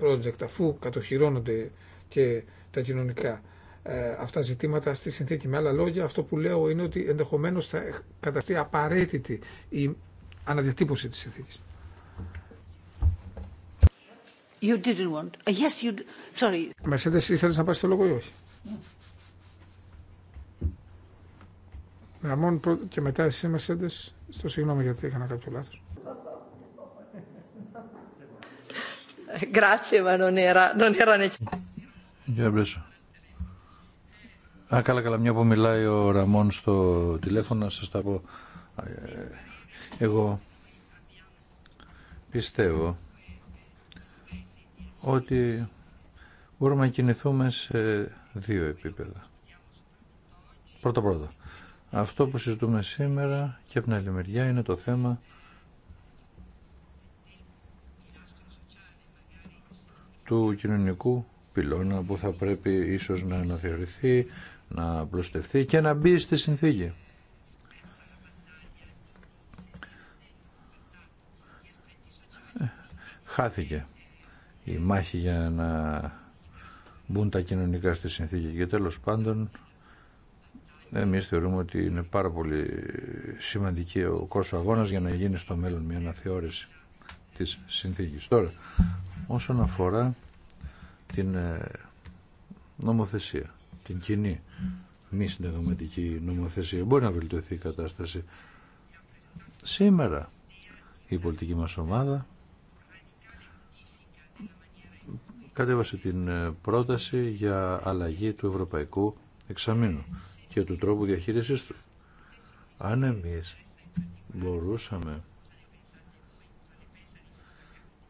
project αφού κατοχυρώνονται και τα κοινωνικά ε, αυτά ζητήματα στη συνθήκη. Με άλλα λόγια, αυτό που λέω είναι ότι ενδεχομένως θα καταστεί απαραίτητη η αναδιατύπωση της συνθήκης. You didn't uh, ήθελες να πάρει το λόγο ή όχι. Ραμόν και μετά εσύ Μεσέντες, στο συγγνώμη γιατί έκανα κάποιο λάθος. Grazie, ma non era, non era necessario. Α, καλά, καλά, μια που μιλάει ο Ραμόν στο τηλέφωνο, να σας τα πω. Ε, εγώ πιστεύω ότι μπορούμε να κινηθούμε σε δύο επίπεδα. Πρώτο πρώτο. Αυτό που συζητούμε σήμερα και από την άλλη μεριά είναι το θέμα του κοινωνικού πυλώνα που θα πρέπει ίσως να αναθεωρηθεί, να απλουστευτεί και να μπει στη συνθήκη. Ε, χάθηκε η μάχη για να μπουν τα κοινωνικά στη συνθήκη και τέλος πάντων εμείς θεωρούμε ότι είναι πάρα πολύ σημαντική ο κόσμο αγώνας για να γίνει στο μέλλον μια αναθεώρηση της συνθήκης. Τώρα, όσον αφορά την ε, νομοθεσία την κοινή μη συνταγματική νομοθεσία. Μπορεί να βελτιωθεί η κατάσταση. Σήμερα η πολιτική μας ομάδα κατέβασε την ε, πρόταση για αλλαγή του ευρωπαϊκού εξαμήνου και του τρόπου διαχείρισης του. Αν εμείς μπορούσαμε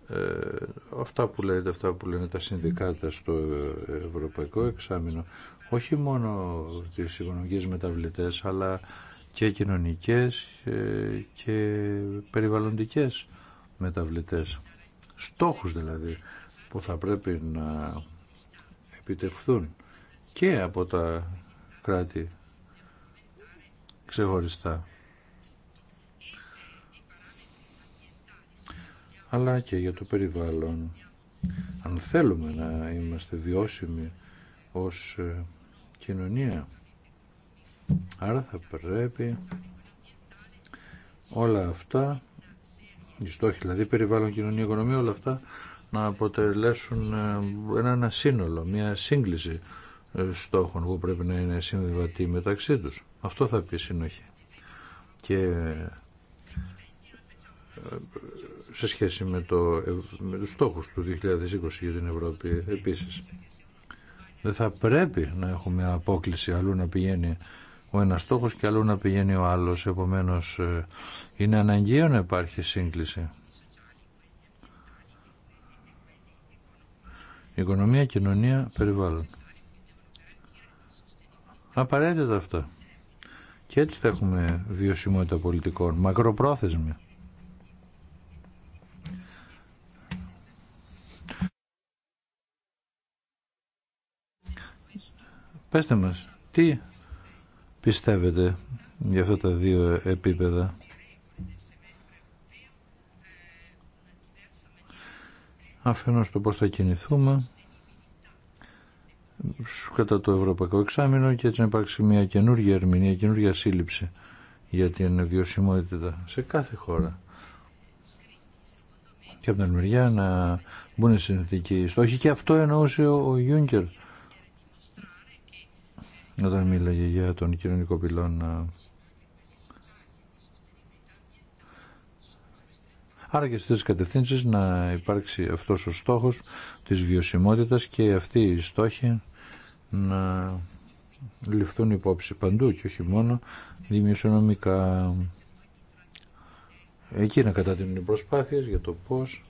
ε, αυτά που λέτε, αυτά που λένε τα συνδικάτα στο Ευρωπαϊκό Εξάμεινο, όχι μόνο τις οικονομικέ μεταβλητές, αλλά και κοινωνικές ε, και περιβαλλοντικές μεταβλητές. Στόχους δηλαδή που θα πρέπει να επιτευχθούν και από τα κράτη ξεχωριστά. αλλά και για το περιβάλλον. Αν θέλουμε να είμαστε βιώσιμοι ως ε, κοινωνία, άρα θα πρέπει όλα αυτά, οι στόχοι δηλαδή περιβάλλον, κοινωνία, οικονομία, όλα αυτά να αποτελέσουν ε, ένα, ένα σύνολο, μια σύγκληση ε, στόχων που πρέπει να είναι συμβιβατοί μεταξύ τους. Αυτό θα πει συνοχή. Και σε σχέση με, το, με στόχους του 2020 για την Ευρώπη επίσης. Δεν θα πρέπει να έχουμε απόκληση αλλού να πηγαίνει ο ένας στόχος και αλλού να πηγαίνει ο άλλος. Επομένως ε, είναι αναγκαίο να υπάρχει σύγκληση. Οικονομία, κοινωνία, περιβάλλον. Απαραίτητα αυτά. Και έτσι θα έχουμε βιωσιμότητα πολιτικών, μακροπρόθεσμη. Πέστε μας, τι πιστεύετε για αυτά τα δύο επίπεδα. Αφενός το πώς θα κινηθούμε κατά το Ευρωπαϊκό Εξάμεινο και έτσι να υπάρξει μια καινούργια ερμηνεία, καινούργια σύλληψη για την βιωσιμότητα σε κάθε χώρα. Και από την μεριά να μπουν συνθήκε. στόχοι και αυτό εννοούσε ο, ο Γιούνκερ όταν μίλαγε για τον κοινωνικό πυλώνα. Άρα και στις κατευθύνσεις να υπάρξει αυτός ο στόχος της βιωσιμότητας και αυτοί οι στόχοι να ληφθούν υπόψη παντού και όχι μόνο δημιουργικά. Εκεί να κατατείνουν οι προσπάθειες για το πώς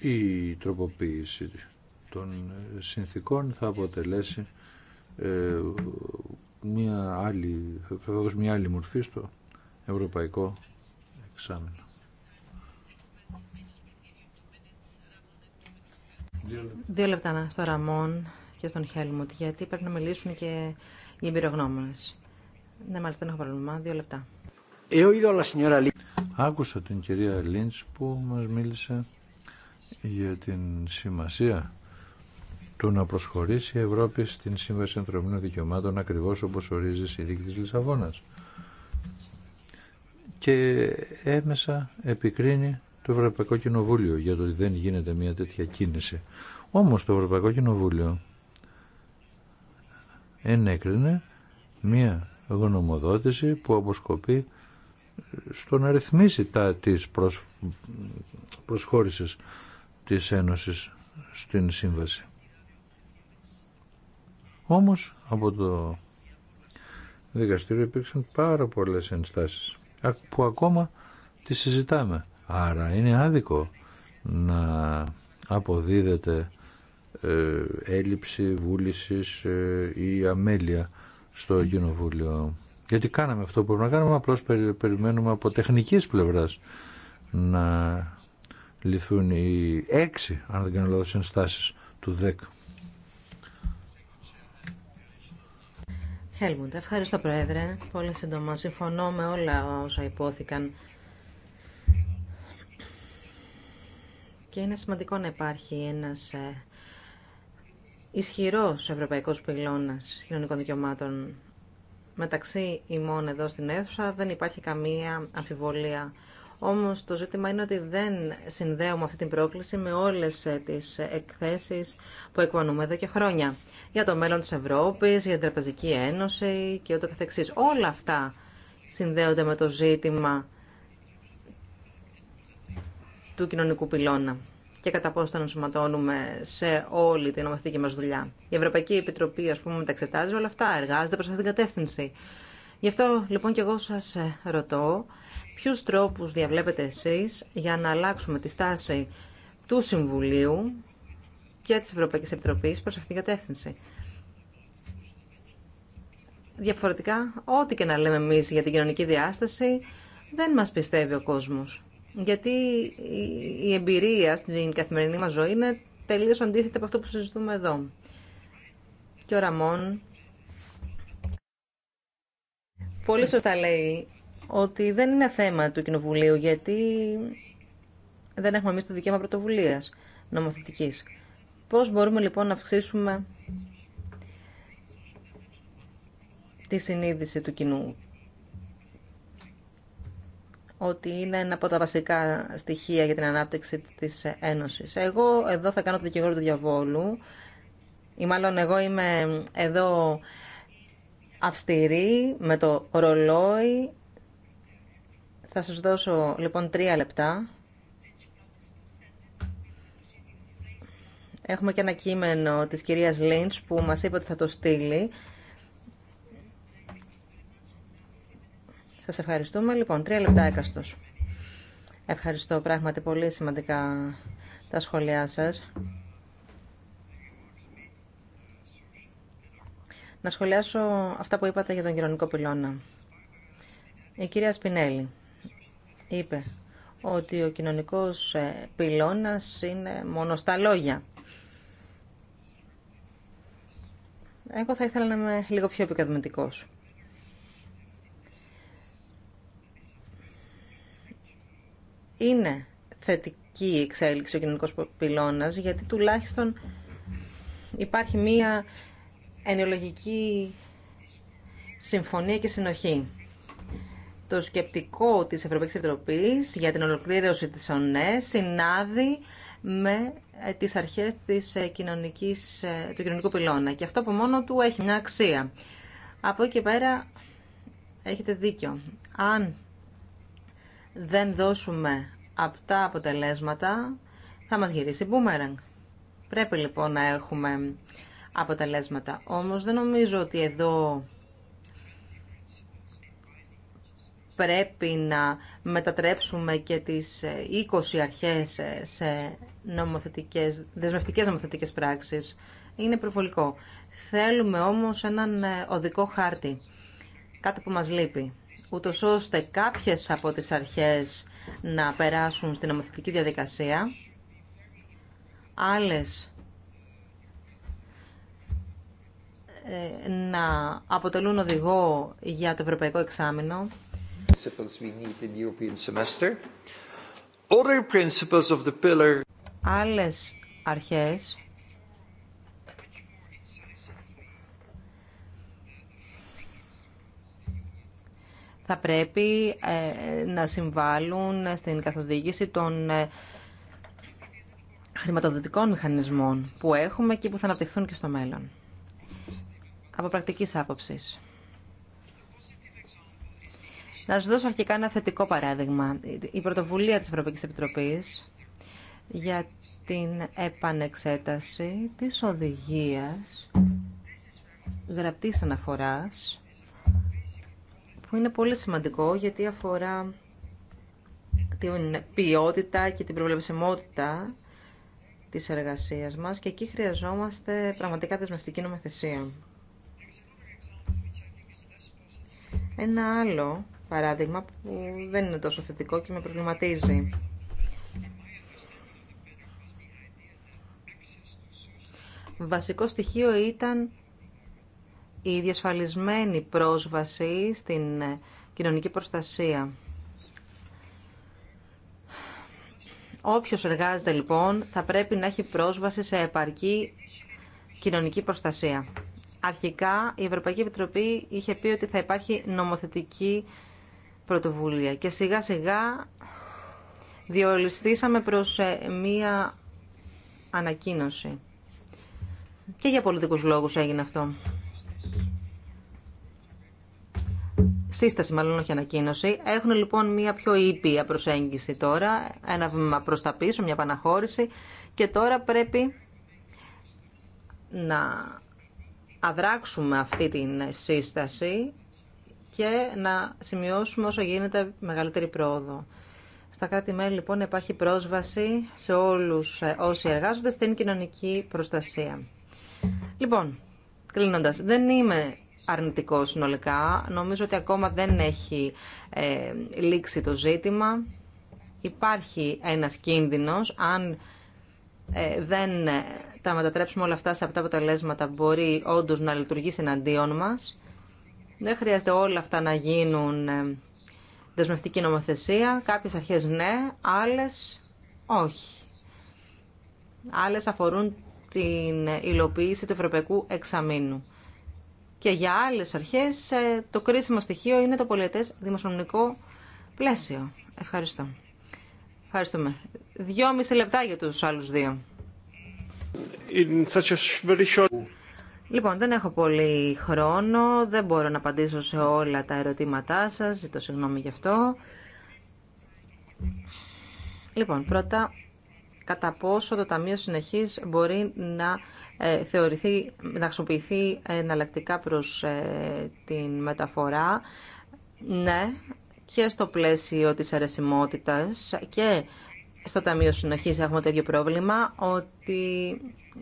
η τροποποίηση των συνθήκων θα αποτελέσει ε, μια άλλη, θα δώσει μια άλλη μορφή στο ευρωπαϊκό εξάμεινο. Δύο λεπτά στο Ραμόν και στον Χέλμουτ, γιατί πρέπει να μιλήσουν και οι εμπειρογνώμονες. Ναι, μάλιστα δεν έχω πρόβλημα. Δύο λεπτά. Ε, Άκουσα την κυρία Λίντς που μας μίλησε για την σημασία του να προσχωρήσει η Ευρώπη στην Σύμβαση Ανθρωπίνων Δικαιωμάτων ακριβώς όπως ορίζει η Συνθήκη της Λισαβόνας. Και έμεσα επικρίνει το Ευρωπαϊκό Κοινοβούλιο για το ότι δεν γίνεται μια τέτοια κίνηση. Όμως το Ευρωπαϊκό Κοινοβούλιο ενέκρινε μια γνωμοδότηση που αποσκοπεί στο να ρυθμίσει τα της προσ... προσχώρησης της Ένωσης στην Σύμβαση. Όμως από το δικαστήριο υπήρξαν πάρα πολλές ενστάσεις που ακόμα τις συζητάμε. Άρα είναι άδικο να αποδίδεται ε, έλλειψη βούλησης ε, ή αμέλεια στο κοινοβούλιο. Γιατί κάναμε αυτό που πρέπει να κάνουμε, απλώς περιμένουμε από τεχνικής πλευράς να λυθούν οι έξι, αν δεν κάνω ενστάσεις του 10. Χέλμουντ, ευχαριστώ Πρόεδρε. Πολύ σύντομα συμφωνώ με όλα όσα υπόθηκαν. Και είναι σημαντικό να υπάρχει ένας ε, ισχυρός ευρωπαϊκός πυλώνας κοινωνικών δικαιωμάτων. Μεταξύ ημών εδώ στην αίθουσα δεν υπάρχει καμία αμφιβολία όμως το ζήτημα είναι ότι δεν συνδέουμε αυτή την πρόκληση με όλες ε, τις ε, εκθέσεις που εκπονούμε εδώ και χρόνια. Για το μέλλον της Ευρώπης, για την Τραπεζική Ένωση και ούτω καθεξής. Όλα αυτά συνδέονται με το ζήτημα του κοινωνικού πυλώνα και κατά πόσο τον ενσωματώνουμε σε όλη την ομαθητική μας δουλειά. Η Ευρωπαϊκή Επιτροπή, ας πούμε, τα όλα αυτά, εργάζεται προς αυτήν την κατεύθυνση. Γι' αυτό λοιπόν και εγώ σας ε, ρωτώ ποιους τρόπους διαβλέπετε εσείς για να αλλάξουμε τη στάση του Συμβουλίου και της Ευρωπαϊκής Επιτροπής προς αυτήν την κατεύθυνση. Διαφορετικά, ό,τι και να λέμε εμείς για την κοινωνική διάσταση, δεν μας πιστεύει ο κόσμος. Γιατί η εμπειρία στην καθημερινή μας ζωή είναι τελείως αντίθετη από αυτό που συζητούμε εδώ. Και ο Ραμόν πολύ σωστά λέει ότι δεν είναι θέμα του Κοινοβουλίου γιατί δεν έχουμε εμεί το δικαίωμα πρωτοβουλία νομοθετική. Πώ μπορούμε λοιπόν να αυξήσουμε τη συνείδηση του κοινού ότι είναι ένα από τα βασικά στοιχεία για την ανάπτυξη της Ένωσης. Εγώ εδώ θα κάνω το δικηγόρο του διαβόλου ή μάλλον εγώ είμαι εδώ Αυστηρή, με το ρολόι. Θα σας δώσω λοιπόν τρία λεπτά. Έχουμε και ένα κείμενο της κυρίας Λίντς που μας είπε ότι θα το στείλει. Σας ευχαριστούμε. Λοιπόν, τρία λεπτά έκαστος. Ευχαριστώ πράγματι πολύ σημαντικά τα σχόλιά σας. να σχολιάσω αυτά που είπατε για τον κοινωνικό πυλώνα. Η κυρία Σπινέλη είπε ότι ο κοινωνικός ε, πυλώνας είναι μόνο στα λόγια. Εγώ θα ήθελα να είμαι λίγο πιο επικαδηματικός. Είναι θετική η εξέλιξη ο κοινωνικός πυλώνας, γιατί τουλάχιστον υπάρχει μία Ενεολογική συμφωνία και συνοχή. Το σκεπτικό της Ευρωπαϊκής Επιτροπής για την ολοκλήρωση της ΟΝΕ συνάδει με ε, τις αρχές της ε, κοινωνικής, ε, του κοινωνικού πυλώνα. Και αυτό από μόνο του έχει μια αξία. Από εκεί και πέρα έχετε δίκιο. Αν δεν δώσουμε αυτά αποτελέσματα, θα μας γυρίσει μπούμεραγκ. Πρέπει λοιπόν να έχουμε αποτελέσματα. Όμως δεν νομίζω ότι εδώ πρέπει να μετατρέψουμε και τις 20 ε, αρχές ε, σε νομοθετικές, δεσμευτικές νομοθετικές πράξεις. Είναι προβολικό. Θέλουμε όμως έναν ε, οδικό χάρτη, κάτι που μας λείπει, ούτω ώστε κάποιες από τις αρχές να περάσουν στην νομοθετική διαδικασία, άλλες Ε, να αποτελούν οδηγό για το ευρωπαϊκό εξάμεινο. Άλλες αρχές θα πρέπει ε, να συμβάλλουν στην καθοδήγηση των ε, χρηματοδοτικών μηχανισμών που έχουμε και που θα αναπτυχθούν και στο μέλλον από πρακτική άποψη. Να σα δώσω αρχικά ένα θετικό παράδειγμα. Η πρωτοβουλία της Ευρωπαϊκή Επιτροπής για την επανεξέταση της οδηγίας γραπτής αναφοράς που είναι πολύ σημαντικό γιατί αφορά την ποιότητα και την προβλεψιμότητα της εργασίας μας και εκεί χρειαζόμαστε πραγματικά δεσμευτική νομοθεσία. Ένα άλλο παράδειγμα που δεν είναι τόσο θετικό και με προβληματίζει. Βασικό στοιχείο ήταν η διασφαλισμένη πρόσβαση στην ε, κοινωνική προστασία. Όποιος εργάζεται λοιπόν θα πρέπει να έχει πρόσβαση σε επαρκή κοινωνική προστασία αρχικά η Ευρωπαϊκή Επιτροπή είχε πει ότι θα υπάρχει νομοθετική πρωτοβουλία και σιγά σιγά διολυστήσαμε προς ε, μία ανακοίνωση. Και για πολιτικούς λόγους έγινε αυτό. Σύσταση μάλλον όχι ανακοίνωση. Έχουν λοιπόν μία πιο ήπια προσέγγιση τώρα, ένα βήμα προς τα πίσω, μια παναχώρηση και τώρα πρέπει να αδράξουμε αυτή την σύσταση και να σημειώσουμε όσο γίνεται μεγαλύτερη πρόοδο. Στα κράτη-μέλη λοιπόν υπάρχει πρόσβαση σε όλους ε, όσοι εργάζονται στην κοινωνική προστασία. Λοιπόν, κλείνοντας, δεν είμαι αρνητικό συνολικά. Νομίζω ότι ακόμα δεν έχει ε, λήξει το ζήτημα. Υπάρχει ένας κίνδυνος αν ε, δεν τα μετατρέψουμε όλα αυτά σε αυτά τα αποτελέσματα μπορεί όντω να λειτουργήσει εναντίον μα. Δεν χρειάζεται όλα αυτά να γίνουν ε, δεσμευτική νομοθεσία. Κάποιες αρχές ναι, άλλες όχι. Άλλες αφορούν την υλοποίηση του Ευρωπαϊκού Εξαμήνου. Και για άλλες αρχές ε, το κρίσιμο στοιχείο είναι το πολιετές δημοσιονομικό πλαίσιο. Ευχαριστώ. Ευχαριστούμε. Δυόμιση λεπτά για τους άλλους δύο. Λοιπόν, δεν έχω πολύ χρόνο, δεν μπορώ να απαντήσω σε όλα τα ερωτήματά σας, ζητώ συγγνώμη γι' αυτό. Λοιπόν, πρώτα, κατά πόσο το Ταμείο Συνεχής μπορεί να ε, θεωρηθεί, να χρησιμοποιηθεί εναλλακτικά προς ε, την μεταφορά. Ναι, και στο πλαίσιο της αρεσιμότητας και στο Ταμείο Συνοχή έχουμε το ίδιο πρόβλημα, ότι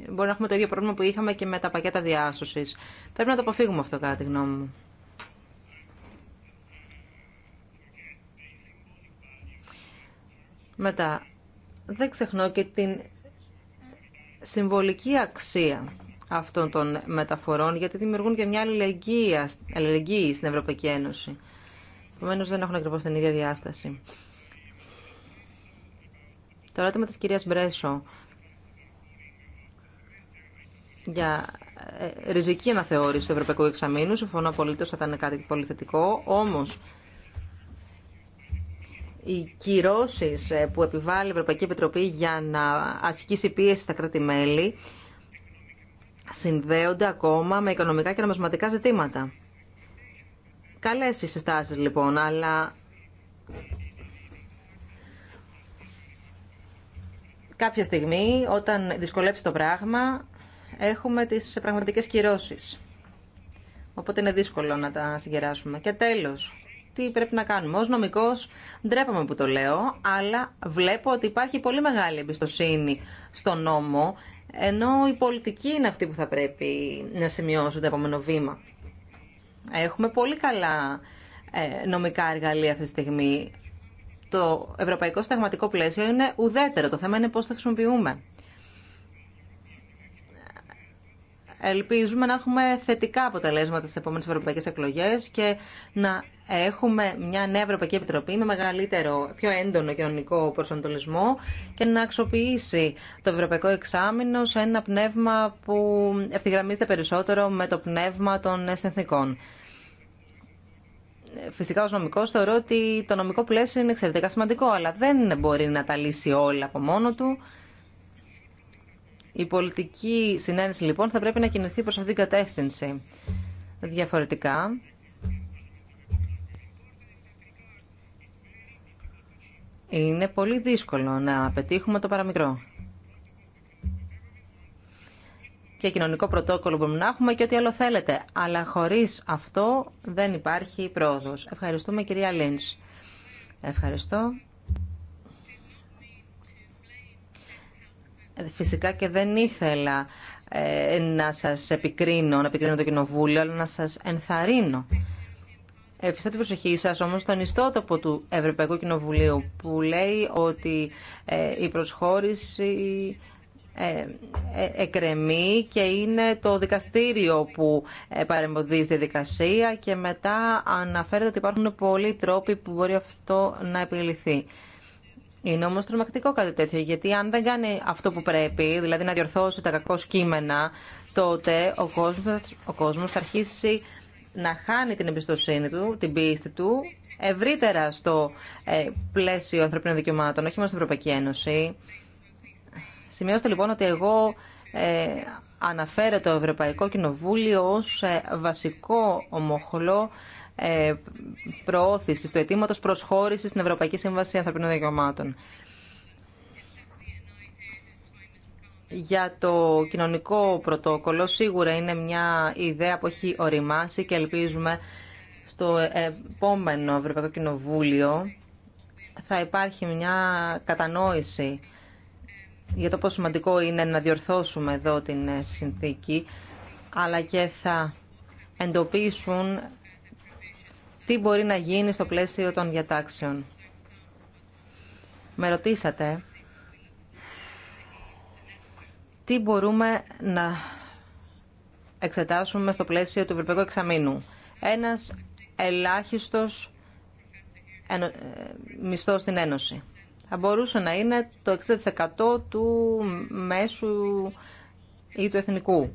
μπορεί να έχουμε το ίδιο πρόβλημα που είχαμε και με τα πακέτα διάσωση. Πρέπει να το αποφύγουμε αυτό, κατά τη γνώμη μου. Μετά, δεν ξεχνώ και την συμβολική αξία αυτών των μεταφορών, γιατί δημιουργούν και μια αλληλεγγύη στην Ευρωπαϊκή Ένωση. Επομένω, δεν έχουν ακριβώ την ίδια διάσταση. Το ερώτημα της κυρίας Μπρέσο για ε, ριζική αναθεώρηση του Ευρωπαϊκού Εξαμήνου, συμφωνώ απολύτω, θα ήταν κάτι πολύ θετικό, όμως οι κυρώσει ε, που επιβάλλει η Ευρωπαϊκή Επιτροπή για να ασκήσει πίεση στα κράτη-μέλη συνδέονται ακόμα με οικονομικά και νομισματικά ζητήματα. Καλές οι συστάσει, λοιπόν, αλλά κάποια στιγμή, όταν δυσκολέψει το πράγμα, έχουμε τις πραγματικές κυρώσεις. Οπότε είναι δύσκολο να τα συγκεράσουμε. Και τέλος, τι πρέπει να κάνουμε. Ως νομικός ντρέπαμε που το λέω, αλλά βλέπω ότι υπάρχει πολύ μεγάλη εμπιστοσύνη στον νόμο, ενώ η πολιτική είναι αυτή που θα πρέπει να σημειώσουν το επόμενο βήμα. Έχουμε πολύ καλά ε, νομικά εργαλεία αυτή τη στιγμή το ευρωπαϊκό σταγματικό πλαίσιο είναι ουδέτερο. Το θέμα είναι πώς το χρησιμοποιούμε. Ελπίζουμε να έχουμε θετικά αποτελέσματα στις επόμενες ευρωπαϊκές εκλογές και να έχουμε μια νέα Ευρωπαϊκή Επιτροπή με μεγαλύτερο, πιο έντονο κοινωνικό προσανατολισμό και να αξιοποιήσει το Ευρωπαϊκό Εξάμεινο σε ένα πνεύμα που ευθυγραμμίζεται περισσότερο με το πνεύμα των εθνικών φυσικά ως νομικός θεωρώ ότι το νομικό πλαίσιο είναι εξαιρετικά σημαντικό, αλλά δεν μπορεί να τα λύσει όλα από μόνο του. Η πολιτική συνένεση λοιπόν θα πρέπει να κινηθεί προς αυτήν την κατεύθυνση. Διαφορετικά, είναι πολύ δύσκολο να πετύχουμε το παραμικρό και κοινωνικό πρωτόκολλο μπορούμε να έχουμε και ό,τι άλλο θέλετε. Αλλά χωρίς αυτό δεν υπάρχει πρόοδο. Ευχαριστούμε κυρία Λίντ. Ευχαριστώ. Φυσικά και δεν ήθελα ε, να σας επικρίνω, να επικρίνω το Κοινοβούλιο, αλλά να σας ενθαρρύνω. Εφιστά την προσοχή σας όμως στον ιστότοπο του Ευρωπαϊκού Κοινοβουλίου που λέει ότι ε, η προσχώρηση ε, ε, εκρεμεί και είναι το δικαστήριο που ε, παρεμποδίζει τη δικασία και μετά αναφέρεται ότι υπάρχουν πολλοί τρόποι που μπορεί αυτό να επιληθεί. Είναι όμως τρομακτικό κάτι τέτοιο, γιατί αν δεν κάνει αυτό που πρέπει, δηλαδή να διορθώσει τα κακό κείμενα, τότε ο κόσμος, ο κόσμος θα αρχίσει να χάνει την εμπιστοσύνη του, την πίστη του, ευρύτερα στο πλαίσιο ανθρωπίνων δικαιωμάτων, όχι μόνο στην Ευρωπαϊκή Ένωση, Σημειώστε λοιπόν ότι εγώ ε, αναφέρω το Ευρωπαϊκό Κοινοβούλιο ως ε, βασικό ομοχλό ε, προώθησης του αιτήματο προσχώρησης στην Ευρωπαϊκή Σύμβαση Ανθρωπινών Δικαιωμάτων. Για το κοινωνικό πρωτόκολλο σίγουρα είναι μια ιδέα που έχει οριμάσει και ελπίζουμε στο επόμενο Ευρωπαϊκό Κοινοβούλιο θα υπάρχει μια κατανόηση για το πόσο σημαντικό είναι να διορθώσουμε εδώ την ε, συνθήκη, αλλά και θα εντοπίσουν τι μπορεί να γίνει στο πλαίσιο των διατάξεων. Με ρωτήσατε τι μπορούμε να εξετάσουμε στο πλαίσιο του Ευρωπαϊκού Εξαμήνου. Ένας ελάχιστος ε, μισθός στην Ένωση θα μπορούσε να είναι το 60% του μέσου ή του εθνικού.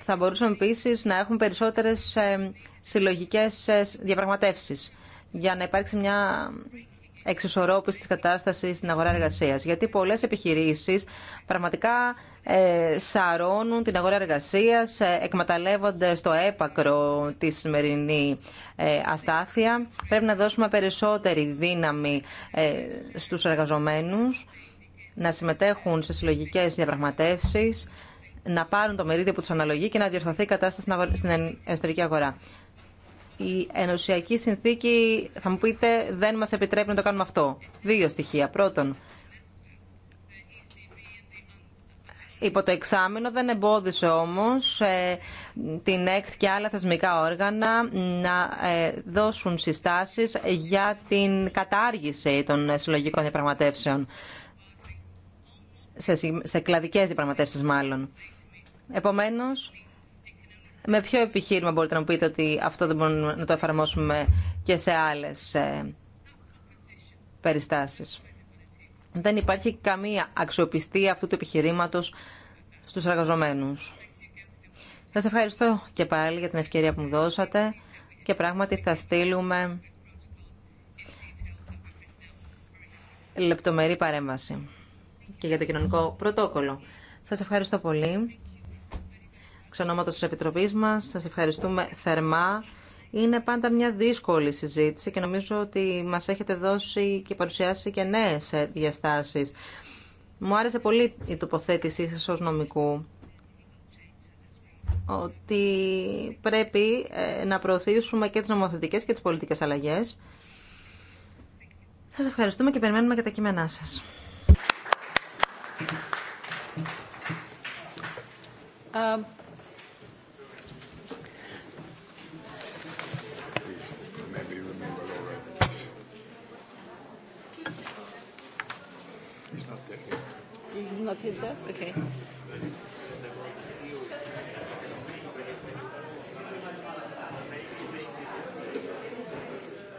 Θα μπορούσαμε επίσης να έχουμε περισσότερες ε, συλλογικές ε, διαπραγματεύσεις για να υπάρξει μια εξισορρόπηση της κατάστασης στην αγορά εργασία. Γιατί πολλές επιχειρήσεις πραγματικά ε, σαρώνουν την αγορά εργασίας, ε, εκμεταλλεύονται στο έπακρο τη σημερινή ε, αστάθεια. Πρέπει να δώσουμε περισσότερη δύναμη στους εργαζομένους να συμμετέχουν σε συλλογικέ διαπραγματεύσεις να πάρουν το μερίδιο που του αναλογεί και να διορθωθεί η κατάσταση στην εσωτερική αγορά η ενωσιακή συνθήκη, θα μου πείτε, δεν μας επιτρέπει να το κάνουμε αυτό. Δύο στοιχεία. Πρώτον, υπό το εξάμεινο δεν εμπόδισε όμως ε, την ΕΚΤ και άλλα θεσμικά όργανα να ε, δώσουν συστάσεις για την κατάργηση των συλλογικών διαπραγματεύσεων. Σε, σε κλαδικές διαπραγματεύσεις μάλλον. Επομένως, με ποιο επιχείρημα μπορείτε να μου πείτε ότι αυτό δεν μπορούμε να το εφαρμόσουμε και σε άλλες ε, περιστάσεις. Δεν υπάρχει καμία αξιοπιστία αυτού του επιχειρήματος στους εργαζομένους. Σας ευχαριστώ και πάλι για την ευκαιρία που μου δώσατε και πράγματι θα στείλουμε λεπτομερή παρέμβαση και για το κοινωνικό πρωτόκολλο. Σας ευχαριστώ πολύ ξενόματος της Επιτροπής μας. Σας ευχαριστούμε θερμά. Είναι πάντα μια δύσκολη συζήτηση και νομίζω ότι μας έχετε δώσει και παρουσιάσει και νέες διαστάσεις. Μου άρεσε πολύ η τοποθέτησή σας ως νομικού ότι πρέπει ε, να προωθήσουμε και τις νομοθετικές και τις πολιτικές αλλαγές. Σας ευχαριστούμε και περιμένουμε και τα κείμενά σας. Ε, not hit there? Okay.